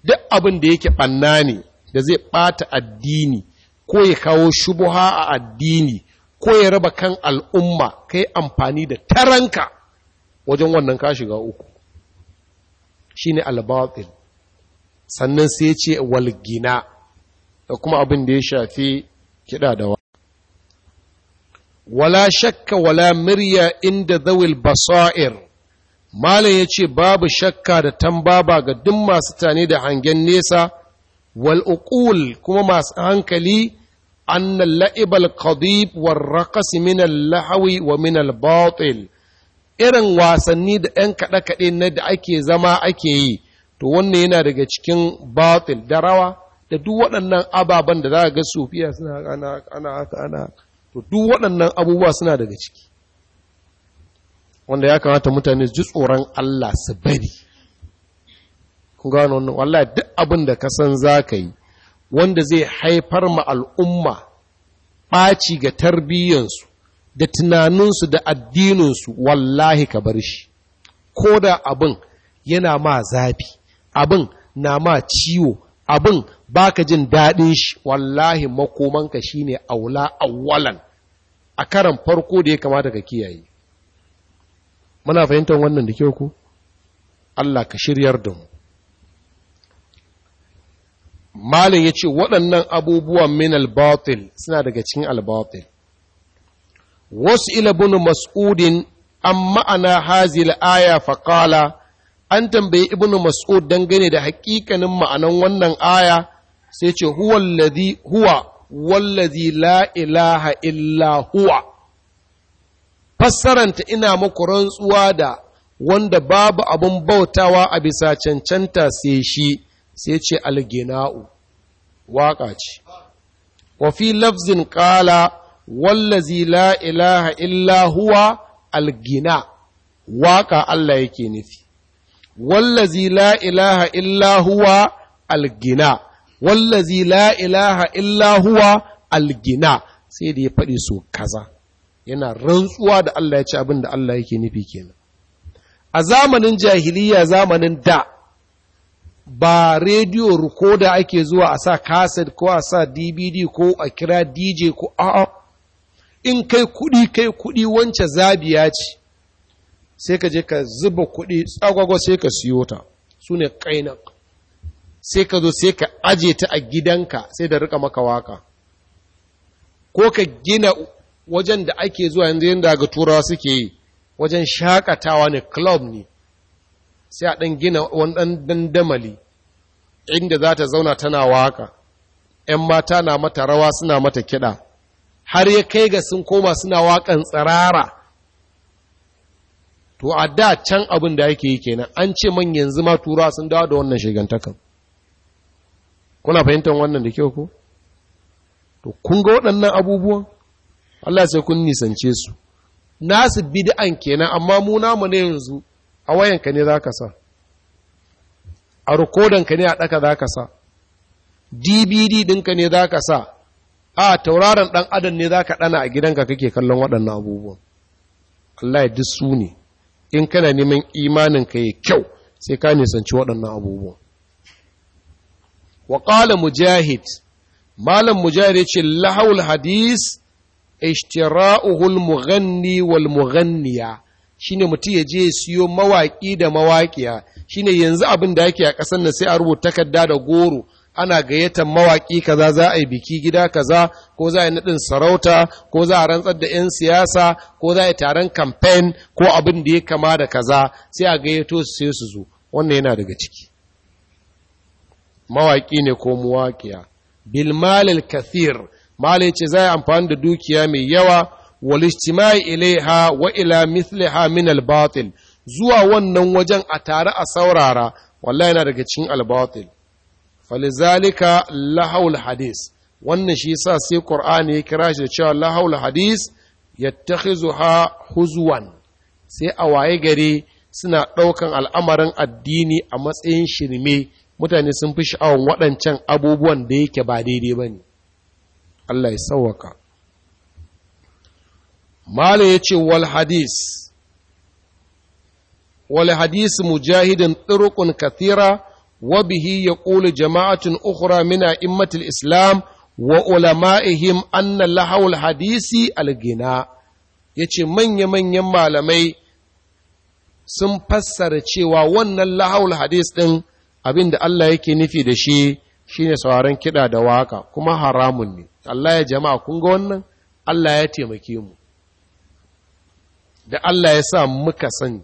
Speaker 1: duk abin da yake ɓanna ne da zai ɓata addini ko ya kawo shubuha a addini ko ya raba kan al'umma kai amfani da taranka wajen wannan ka shiga uku shine albatil sannan sai ce walgina da kuma abin da ya shafi kiɗa da wa wala shakka wala murya inda zawil basair malam ya ce babu shakka da tambaba ga duk masu tane da hangen nesa wal uqul kuma masu hankali annal la'ibal qadib war raqas min al lahawi wa min al batil irin wasanni da ‘yan kaɗe-kaɗe na da ake zama ake yi, to wannan yana daga cikin batil da rawa da duk waɗannan ababen da za ga sufiya suna ana ana haka ana to duk waɗannan abubuwa suna daga ciki wanda ya kamata mutane ji tsoron Allah su bari kun gano wannan wallahi duk abin da ka san za ka yi wanda zai haifar ma al'umma ɓaci ga tarbiyyansu da tunaninsu da addininsu wallahi ka bar shi ko da abin yana ma zafi abin na ma ciwo abin ba ka jin daɗin shi wallahi makomanka shine aula awwalan a karan farko da ya kamata ka kiyaye muna fahimtar wannan da kyau ku Allah ka shiryar da mu malin ce waɗannan abubuwan min al suna daga cikin al-batil wasu ilabun mas'udin an ma'ana hazil aya faƙala an tambayi ibn mas'ud dangane da haƙiƙanin ma'anan wannan aya sai ce huwa wallazi la ilaha illa huwa fassaranta ina muku rantsuwa da wanda babu abun bautawa a bisa cancanta sai shi sai ce algina'u waƙa ce wa fi lafzin ƙala wallazi la ilaha illa huwa algina waka Allah yake nufi wallazi la ilaha illa huwa algina wallazi la ilaha illa huwa algina sai da ya faɗi so kaza yana rantsuwa da Allah ya ci abin da Allah yake nufi kenan a zamanin jahiliya zamanin da ba rediyo rikoda ake zuwa a sa kaset ko a sa dvd ko a kira dj ko a'a in kai kuɗi kai kuɗi wance zabiya ce sai ka je ka zuba kuɗi tsagwagwa sai ka siyo ta su ne kainan. sai ka zo sai ka aje ta a gidanka sai da rika maka waka ko ka gina wajen da ake zuwa yanzu yadda ga turawa suke yi wajen shakatawa ne club ne sai a ɗan gina wani dandamali inda za ta zauna tana waka ‘yan mata na mata rawa suna mata kiɗa har ya kai ga sun koma suna waƙan tsirara to a da can abin da yake yi kenan an ce man yanzu ma tura sun dawo da wannan shigantakan kuna fahimtar wannan da kyau ko to kun ga waɗannan abubuwan Allah sai kun nisance su nasu bid'an kenan amma mu namu ne yanzu a wayanka ne zaka sa a rikodanka ne a ɗaka zaka sa dvd ɗinka ne zaka sa a tauraron ɗan adam ne za ka ɗana a gidanka kake kallon waɗannan abubuwan Allah ya su ne in kana neman imanin ka yi kyau sai ka nisanci waɗannan abubuwan wa mujahid malam mujahid ce lahawul hadis ishtira'uhul mughanni wal mughanniya shine mutum ya je siyo mawaƙi da mawakiya shine yanzu abin da yake a ƙasar nan sai a rubuta takarda da goro ana gayyatar mawaƙi kaza za a yi biki gida kaza ko za a yi naɗin sarauta ko za a rantsar da 'yan siyasa ko za a yi taron kamfen ko abin da ya kama da kaza sai a gayyato su sai su zo wannan yana daga ciki mawaƙi ne ko muwaƙiya bilmalil kathir malai ce za a amfani da dukiya mai yawa wa wa mithliha min al batil zuwa wannan wajen a tare a saurara wallahi yana daga cikin albatil falizalika lahawul hadis wannan shi sa sai qur'ani ya kira shi da cewa lahawul hadis yattakhizuha huzwan sai a waye gari suna ɗaukan al'amarin addini a matsayin shirme mutane sun fi sha'awan waɗancan abubuwan da yake ba daidai ba ne Allah ya sauwaka mala ya ce wal hadis wal hadis mujahidin tsirukun kathira wa bihi yaqulu jama'atun ukhra min a'immatil islam wa ulama'ihim anna lahawul hadisi algina. gina yace manya-manyan malamai sun fassara cewa wannan lahawul hadis ɗin abin da Allah yake nufi da shi shine sauraron kiɗa da waka kuma haramun ne Allah ya jama'a kun ga wannan Allah ya taimake mu da Allah ya sa muka sani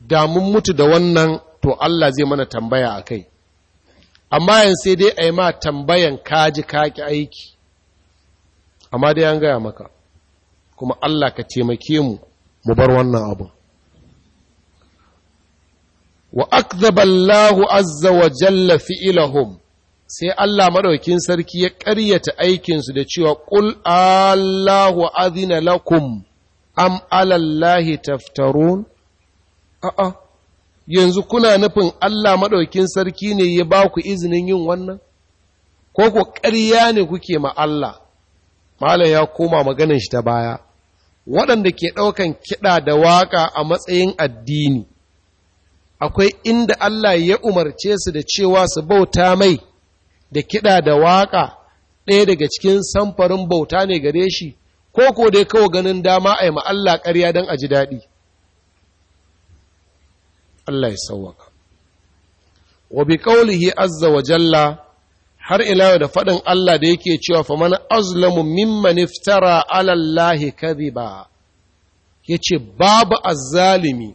Speaker 1: da mun mutu da wannan to Allah zai mana tambaya a kai amma yin sai dai a yi ma tambayan kaji kaki aiki amma dai an gaya maka kuma Allah ka taimake mu mu bar wannan abu wa akzaba azza wa jalla fi'ilahum sai Allah maɗaukin sarki ya ƙaryata aikinsu da cewa qul Allahu azina lakum am alallahi taftarun a'a yanzu kuna nufin Allah maɗaukin sarki ne ya ba ku izinin yin wannan? Ko ku ƙarya ne kuke ma Allah, Malam ya koma maganin shi ta baya, waɗanda ke ɗaukan kiɗa da waƙa a matsayin addini, akwai inda Allah ya umarce su da cewa su bauta mai da kiɗa da waƙa ɗaya daga cikin samfarin bauta ne gare shi, ko ko dai kawo ganin dama a yi ma Allah ƙarya don a ji daɗi. Allah ya sauwaka wa bi qawlihi azza wa jalla har ila da faɗin Allah da yake cewa fa man azlamu mimman iftara ala allahi kadhiba yace babu azzalimi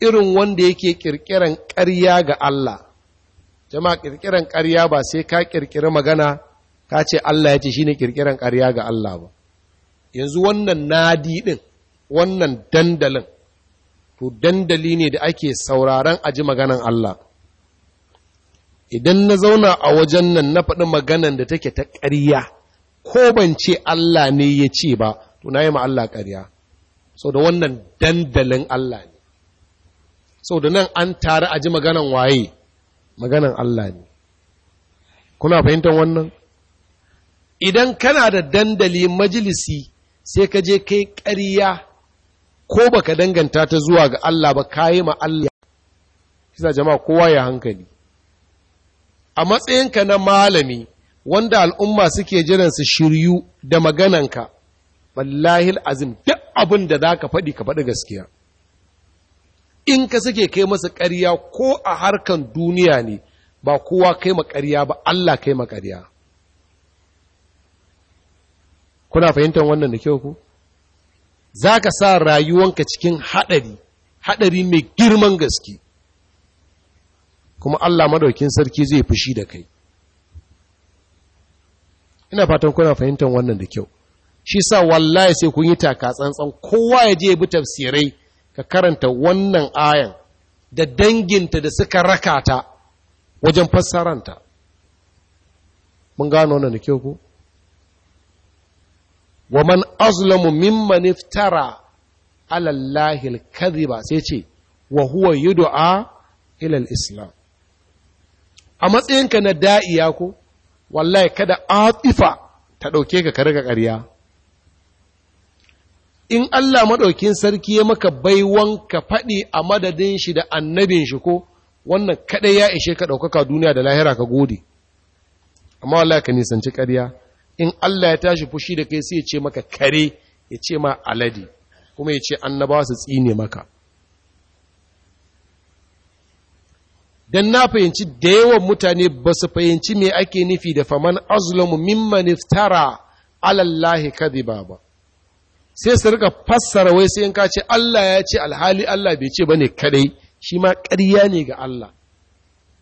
Speaker 1: irin wanda yake kirkiran ƙarya ga Allah jama'a kirkiran ƙarya ba sai ka kirkiri magana ka ce Allah ya ce shine kirkiran ƙarya ga Allah ba yanzu wannan nadi din wannan dandalin to dandali ne da ake sauraron aji maganan Allah idan na zauna a wajen nan na faɗi maganan da take ta ƙarya ko ban ce Allah ne ya ce ba to na yi ma Allah ƙarya sau da wannan dandalin Allah ne sau da nan an tare aji maganan waye maganan Allah ne kuna fahimtar wannan idan kana da dandali majalisi sai ka je kai ƙarya ko baka danganta ta zuwa ga Allah ba kayi ma Allah kisa jama'a kowa ya hankali a matsayinka na malami wanda al'umma suke jiran su shiryu da magananka wallahi azim duk abin da zaka faɗi ka faɗi gaskiya in ka suke kai masa ƙarya ko a harkan duniya ne ba kowa kai ƙarya ba Allah kai makarya kuna fahimtar wannan da kyau ku za ka sa rayuwanka cikin haɗari haɗari mai girman gaske kuma Allah maɗaukin sarki zai fushi da kai ina fatan kuna fahimtar wannan da kyau shi sa wallahi sai kun yi taka tsantsan kowa ya je bi tafsirai ka karanta wannan ayan da danginta da suka raka ta wajen fassaranta mun gano wannan da kyau ku wa man azlamu mimman iftara ala Allahi al sai ce wa huwa yud'a ila al-islam a matsayinka na da'iya ko wallahi kada atifa ta dauke ka ka riga ƙarya in Allah maɗaukin sarki ya maka baiwan ka faɗi a madadin shi da annabin shi ko wannan kaɗai ya ishe ka ɗaukaka duniya da lahira ka gode amma wallahi ka nisanci ƙarya in Allah ya tashi fushi da kai sai ya ce maka kare ya ce ma alade kuma ya ce annaba su tsine maka dan na fahimci da yawan mutane ba su fahimci me ake nufi da faman azlamu mimman iftara alallahi kadi ba ba. sai su rika fassara wai sai in ka ce Allah ya ce alhali Allah bai ce ba ne kadai shi ma ƙarya ne ga Allah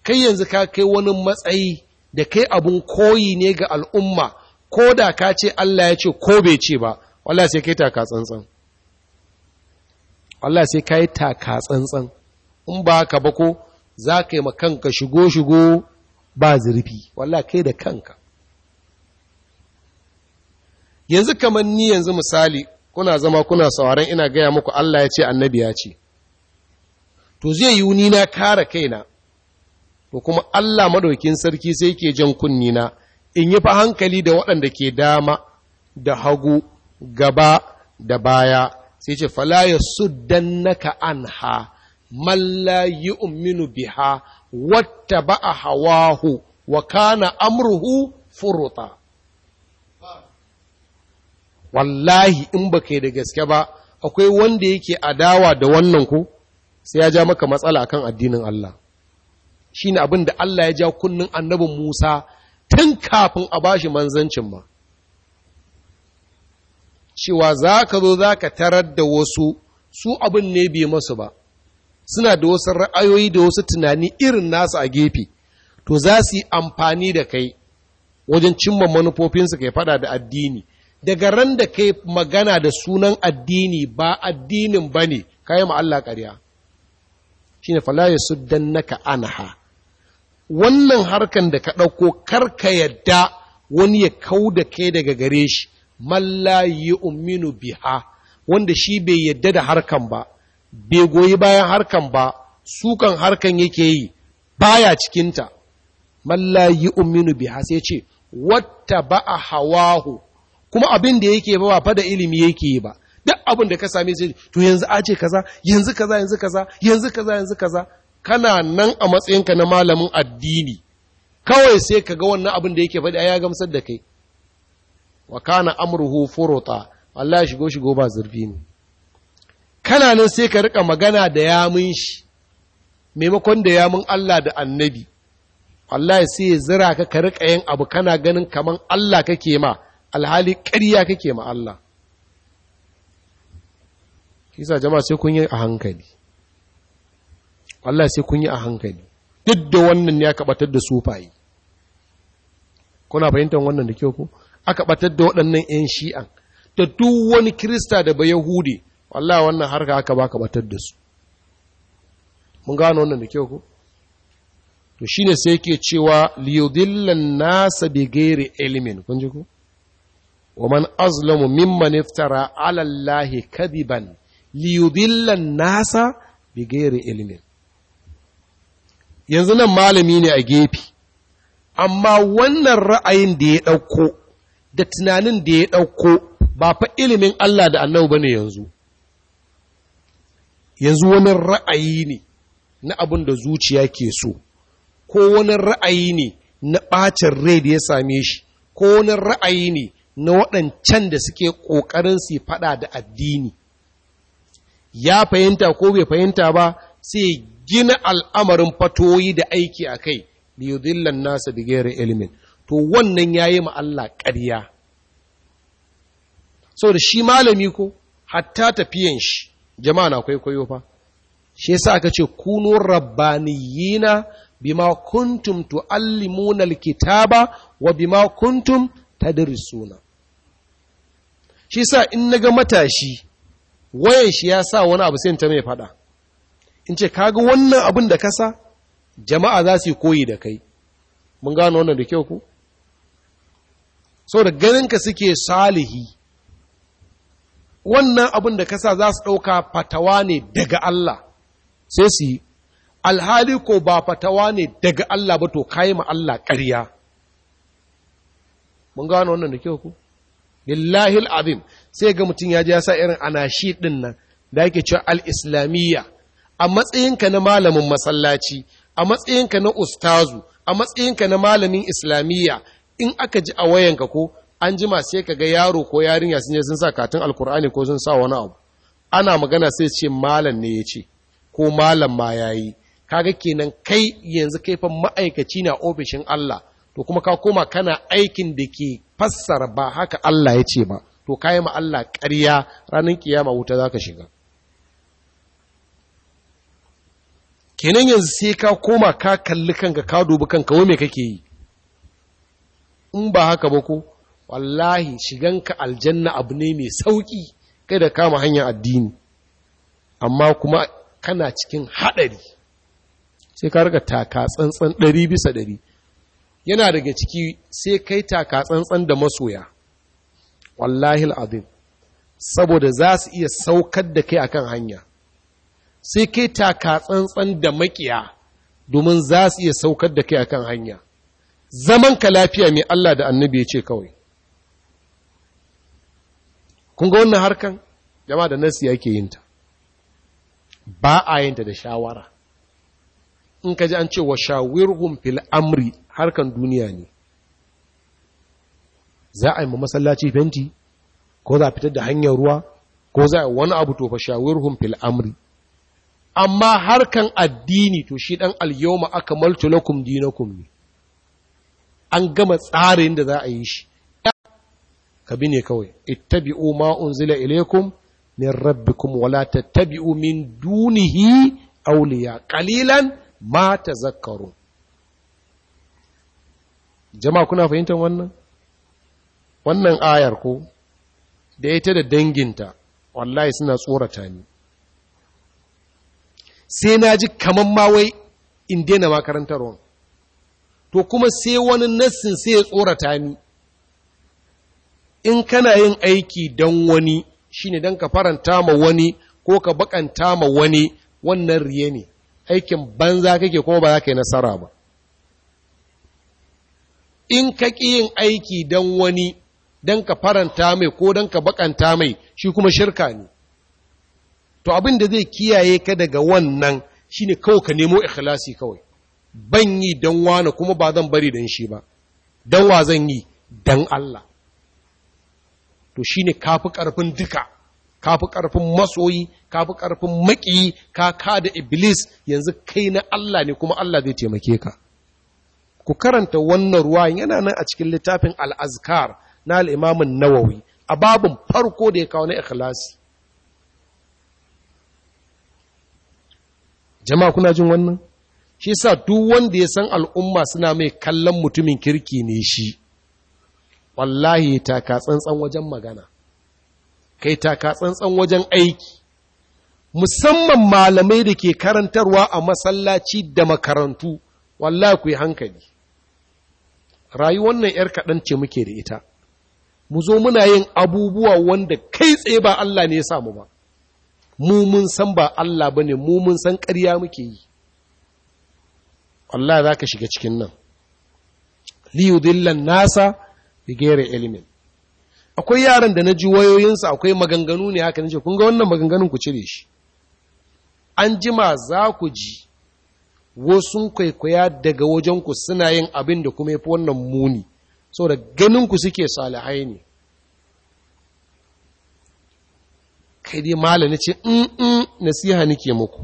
Speaker 1: kai yanzu ka kai wani matsayi da kai abun koyi ne ga al'umma ko da ka ce Allah ya ce ko bai ce ba wallahi sai kai taka tsantsan wallahi sai kai taka tsantsan in ba ka ba ko za ka yi kanka shigo shigo ba zurfi wallahi kai da kanka yanzu kamar ni yanzu misali kuna zama kuna sauraron ina gaya muku Allah ya ce annabi ya ce to zai yi ni na kare kaina to kuma Allah madaukin sarki sai ke jan kunni na in yi fa hankali da waɗanda ke dama da hagu gaba da baya sai ce fala ya suddannaka anha Malla yu'minu biha wattaba'a hawahu wa kana amruhu furuta wallahi in ba kai da gaske ba akwai wanda yake adawa da wannan ku sai ya ja maka matsala akan addinin Allah shine abin da Allah ya ja kunnin annabin Musa tun kafin a bashi manzancin ba cewa za ka zo za ka tarar da wasu su abin ne bai masu ba suna da wasu ra'ayoyi da wasu tunani irin nasu a gefe to za su yi amfani da kai wajen cimma manufofinsu kai fada da addini daga ran da kai magana da sunan addini ba addinin ba ne kayan Allah ƙarya shi ne falaye su don naka anaha wannan harkan da ka ɗauko karka yadda wani ya kau da kai daga gare shi malla yi umminu biha wanda shi bai yadda da harkan ba bai goyi bayan harkan ba sukan harkan yake yi baya cikinta malla yi umminu biha sai ce wata ba a hawahu kuma abin da yake ba ba da ilimi yake yi ba duk abin da ka same sai to yanzu a ce kaza yanzu kaza yanzu kaza yanzu kaza yanzu kaza kana nan a matsayinka na malamin addini kawai sai ka ga wannan abin da yake faɗi a ya gamsar da kai wa kana amruhu furuta Allah ya shigo shigo ba zurfi ne kana nan sai ka rika magana da yamin shi maimakon da yamin Allah da annabi Allah sai zira ka ka rika yin abu kana ganin kaman Allah kake ma alhali ƙarya kake ma Allah kisa jama'a sai kun yi a hankali Allah sai kun yi a hankali duk da wannan ne aka batar da sufayi kuna fahimtar wannan da kyau ko aka batar da waɗannan 'yan shi'an da duk wani kirista da ba yahudi Allah wannan harka aka baka batar da su mun gano wannan da kyau ko to shine sai yake cewa liyudillan nasa bi ghairi ilmin kun ji ko wa man azlamu mimman iftara ala allahi kadiban liyudillan nasa bi ghairi ilmin yanzu nan malami ne a gefe amma wannan ra'ayin da ya ɗauko da tunanin da ya ɗauko ba fa ilimin Allah da annabu ba ne yanzu yanzu wani ra'ayi ne na abin da zuciya ke so ko wani ra'ayi ne na ɓacin rai da ya same shi ko wani ra'ayi ne na waɗancan da suke ƙoƙarin su faɗa da addini ya fahimta ko bai fahimta ba sai gina al'amarin fatoyi da aiki a kai dillan nasa da bigere ilimin to wannan ya yi Allah ƙarya saboda shi malami ko hatta tafiyan shi jama'a na kwaikwayo fa shi sa aka ce kunu rabbaniyina bima kuntum tuallimuna alkitaba wa bima kuntum tadrisuna shi sa in naga matashi wayan shi ya sa wani abu sai ta mai fada in ce kaga wannan abin da kasa jama'a za su yi koyi da kai mun gano wannan da kyau ku so da ganinka suke salihi wannan abin da kasa za su ɗauka fatawa ne daga Allah sai su yi alhali ko ba fatawa ne daga Allah ba to kayi ma Allah ƙarya mun gano wannan da kyau ku billahi al'azim sai ga mutum ya ji ya sa irin anashi ɗin nan da yake cewa al-islamiyya a matsayinka na malamin masallaci a matsayinka na ustazu a matsayinka na malamin islamiyya in aka ji a wayanka ko an jima sai ka ga yaro ko yarinya sun je sun sa katin alkur'ani ko sun sa wani abu ana magana sai ce malam ne ya ce ko malam ma ya yayi kaga kenan kai yanzu kai fa ma'aikaci na ofishin Allah to kuma ka koma kana aikin da ke fassara ba haka Allah ya ce ba to kayi ma Allah karya ranar kiyama wuta za ka shiga kenan yanzu sai ka koma ka kalli kanka ka dubi kanka wai me kake yi in ba haka ba ko wallahi shiganka aljanna abu ne mai sauki kai da kama hanyar addini amma kuma kana cikin haɗari sai ka riga taka tsantsan ɗari bisa ɗari yana daga ciki sai kai taka tsantsan da masoya wallahi al'adun saboda za su iya saukar da kai akan hanya sai kai taka tsantsan da makiya domin za su iya saukar da kai akan hanya zaman ka lafiya mai Allah da annabi ya ce kawai kun ga wannan harkan jama'a da nasi yake yin ta ba a yin ta da shawara in ka ji an ce wa shawirhum fil amri harkan duniya ne za a yi ma masallaci fenti ko za a fitar da hanyar ruwa ko za a wani abu to fa shawirhum fil amri amma harkan addini to shi ɗan alyoma aka maltu lakum dinakum ne an gama tsarin da za a yi shi ka bi ne kawai ittabi'u ma unzila ilaykum min rabbikum wala tattabi'u min dunihi awliya qalilan ma tazakkaru jama'a kuna fahimtar wannan wannan ayar ko da ita da danginta wallahi suna tsorata ni sai na ji kaman ma wai in daina wani, to kuma sai wani nassin sai ya tsorata ni in kana yin aiki don wani shine don ka faranta ma wani ko ka bakanta ma wani wannan riye ne aikin banza kake kuma ba za ka yi nasara ba in ka ƙi yin aiki don wani don ka faranta mai ko don ka bakanta mai shi kuma shirka ne to abin da zai kiyaye ka daga wannan shine kawai ka nemo ikhlasi kawai ban yi don wani kuma ba zan bari don shi ba don wa zan yi don Allah to shine kafi karfin duka kafi karfin masoyi kafi karfin maƙiyi ka ka da iblis yanzu kai na Allah ne kuma Allah zai taimake ka ku karanta wannan ruwa yana nan a cikin littafin al na al nawawi a babin farko da ya kawo na ikhlasi jama'a kuna jin wannan shi sa duk wanda ya san al'umma suna mai kallon mutumin kirki ne shi wallahi taka tsantsan wajen magana kai taka tsantsan wajen aiki musamman malamai da ke karantarwa a masallaci da makarantu wallahi ku yi hankali rayuwar nan ‘yar kaɗan ce muke da ita mu zo muna yin abubuwa wanda kai tsaye ba Allah ne ya samu ba mu mun san ba Allah ba ne mu mun san ƙarya muke yi Allah za ka shiga cikin nan liyudillan nasa da gera ilimin akwai yaran da na ji wayoyinsu akwai maganganu ne haka nace kun ga wannan maganganun ku cire shi an jima za ku ji wasu kwaikwaya daga wajen ku suna yin abin da kuma yafi wannan muni saboda ganin ku suke salihai ne kai dai mala na ce in mm, mm, nasiha nake muku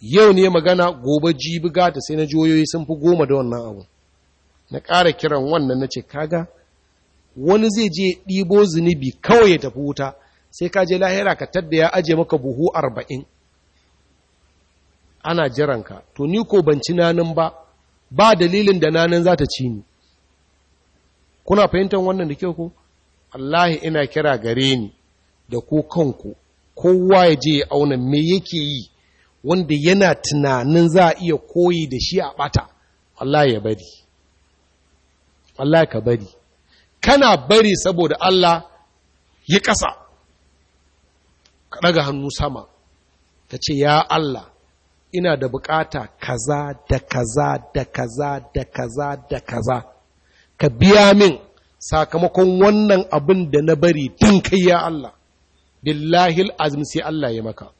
Speaker 1: yau ne magana gobe jibi ta sai na joyoyi sun fi goma da wannan abu na ƙara kiran wannan na ce kaga wani zai je ɗibo zunubi kawai ya tafi wuta sai ka je lahira ka tadda ya aje maka buhu arba'in ana jiranka to ni ko ban ci nanin ba ba dalilin da nanin za ta ci ni kuna fahimtar wannan da kyau ko Allahi ina kira gare ni da ku kanku kowa ya je ya auna me yake yi wanda yana tunanin za a iya koyi da shi a bata Allah ya bari Allah ka bari kana bari saboda Allah yi ƙasa ka ɗaga hannu sama ka ce ya Allah ina da bukata kaza da kaza da kaza da kaza da kaza ka biya min sakamakon wannan abin da na bari tun kai ya Allah billahi azim sai Allah ya maka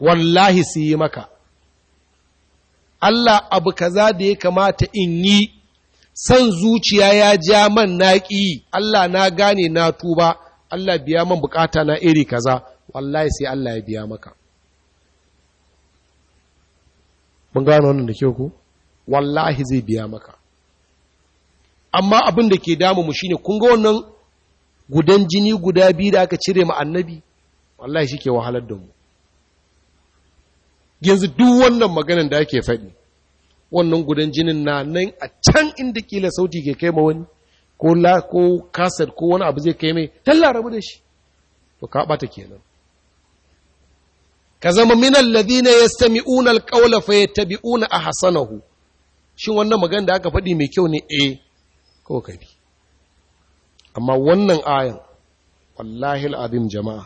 Speaker 1: wallahi sai yi maka Allah abu kaza da ya kamata in yi san zuciya ya ja man na ƙi Allah na gane na tuba Allah biya man bukata na iri kaza wallahi sai Allah ya biya maka mun gano wannan da kyau ku wallahi zai biya maka amma abin da ke damu mu shine kun ga wannan gudan jini guda biyu da aka cire mu annabi wallahi shi ke wahalar da mu yanzu duk wannan maganan da ake faɗi wannan gudan jinin na nan a can inda kila sauti ke kai ma wani ko la ko kasar ko wani abu zai kai mai talla rabu da shi to ka bata kenan ka zama min alladhina yastami'una alqawla fayattabi'una ahsanahu shin wannan magana da aka faɗi mai kyau ne eh Ko ka amma wannan ayan wallahi al'azim jama'a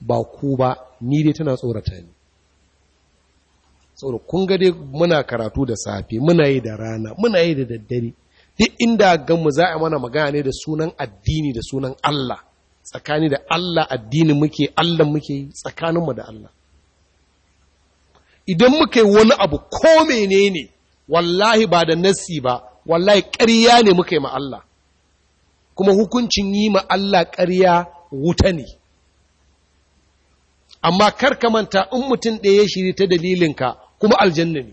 Speaker 1: ba ku ba ni dai tana tsorata ni tsoro kun ga dai muna karatu da safe muna yi da rana muna yi da daddare duk inda ganmu za a mana magana ne da sunan addini da sunan Allah tsakani da Allah addini muke Allah muke tsakaninmu da Allah idan muka wani abu ko menene wallahi ba da nasi ba wallahi ƙarya ne muka yi ma Allah kuma hukuncin yi ma Allah ƙarya wuta ne amma kar ka manta in mutum ɗaya ya shiri ta dalilinka kuma aljanna ne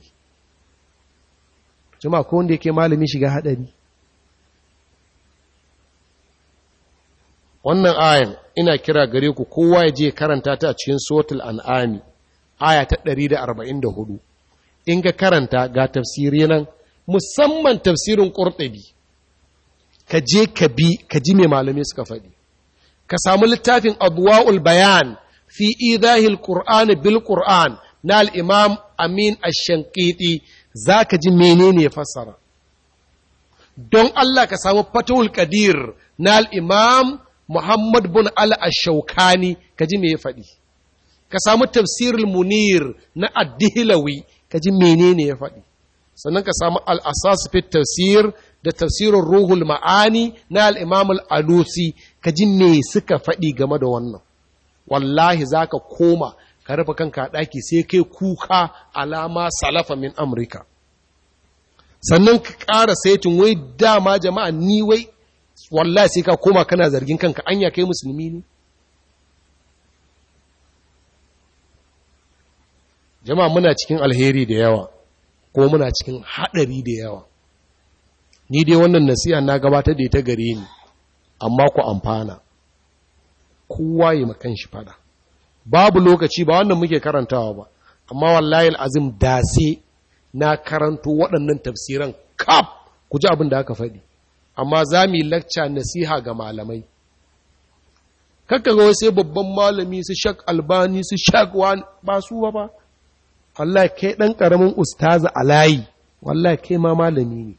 Speaker 1: jama'a ko wanda yake malami shiga haɗari wannan ayan ina kira gare ku kowa ya je karanta ta a cikin suratul an'ami aya ta 144 in ga karanta ga tafsiri nan musamman tafsirin ƙurɗabi ka je ka bi ka ji mai malamai suka faɗi ka samu littafin adwa'ul bayan fi idahil qur'an bil qur'an na al-imam amin ash zaka ji menene ya fassara don Allah ka samu fatawul qadir na al-imam muhammad bin ala Ashaukani ka ji me ya faɗi ka samu tafsirul munir na ad-dihlawi ka ji menene ya faɗi sannan ka samu al'asas fit tafsir da tafsirin ruhul ma'ani na al'imam al'alusi ka ji me suka faɗi game da wannan wallahi za ka koma ka rufe kanka ɗaki sai kai kuka alama salafa min amurka sannan ka ƙara saitin wai dama jama'a ni wai wallahi sai ka koma kana zargin kanka anya kai musulmi ne jama'a muna cikin alheri da yawa ko muna cikin haɗari da yawa ni dai wannan nasiha na gabatar da ita gare ni amma ku amfana kowa yi makan shi fada babu lokaci ba wannan muke karantawa ba amma wallahi al'azim da sai na karanto waɗannan tafsiran kaf ku ji abin da aka faɗi amma za mu yi lacca nasiha ga malamai kakka ga wasu babban malami su shak albani su shak wani ba su ba ba wallahi kai ɗan ƙaramin ustaza a layi wallahi kai ma malami ne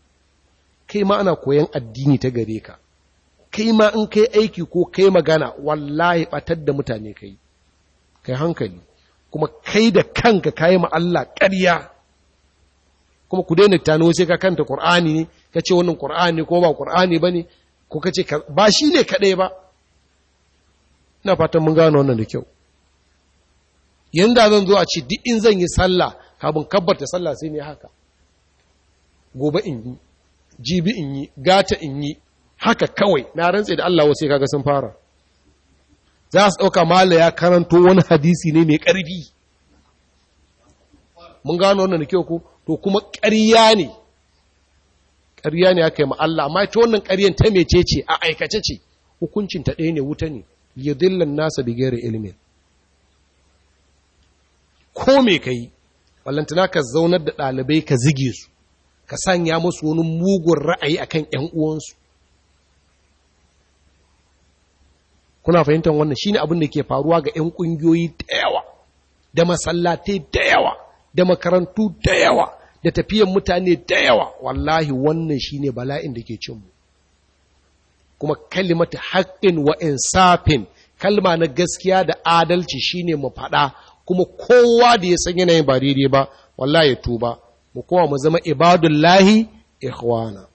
Speaker 1: kai ma ana koyan addini ta gare ka kai ma in kai aiki ko kai magana wallahi ɓatar da mutane kai kai hankali kuma kai da kanka kayi ma Allah ƙarya kuma ku daina tano sai ka kanta Kur'ani ne ka ce wannan Kur'ani ko ba ba ne? ko ka ce ba shi ne kaɗai ba ina fatan mun gano wannan da kyau yanda zan zo a ce duk in zan yi sallah kafin kabbarta sallah sai ne haka gobe in yi jibi in yi gata in yi haka kawai na rantse da Allah wasu kaga sun fara za su ɗauka mala ya karanto wani hadisi ne mai ƙarfi mun gano wannan da kyau ko to kuma ƙarya ne ƙarya ne aka yi Allah amma ita wannan ƙaryan ta mece ce a aikace ce hukuncin ta ɗaya ne wuta ne yadillan nasa bigere ilimin ko me ka yi wallantana ka zaunar da ɗalibai ka zige su ka sanya musu wani mugun ra'ayi akan ‘yan uwansu kuna fahimtar wannan shine abin da ke faruwa ga ‘yan ƙungiyoyi da yawa da masallatai da yawa da makarantu da yawa da tafiyan mutane da yawa wallahi wannan shine bala'in da ke cinmu kuma kalimata haƙƙin wa insafin kalma na gaskiya da adalci shine mu faɗa kuma kowa da ya san yanayin ba daidai ba wallahi ya tuba mu kowa mu zama ibadullahi ikhwana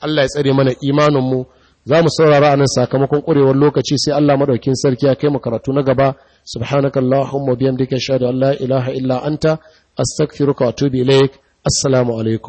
Speaker 1: Allah ya tsare mana imanin mu za mu saurara anan sakamakon ƙwarewar lokaci sai Allah ɗaukin sarki ya kai mu karatu na gaba subhanakallahumma bihamdika ashhadu an la ilaha illa anta astaghfiruka wa atubu ilaik assalamu alaikum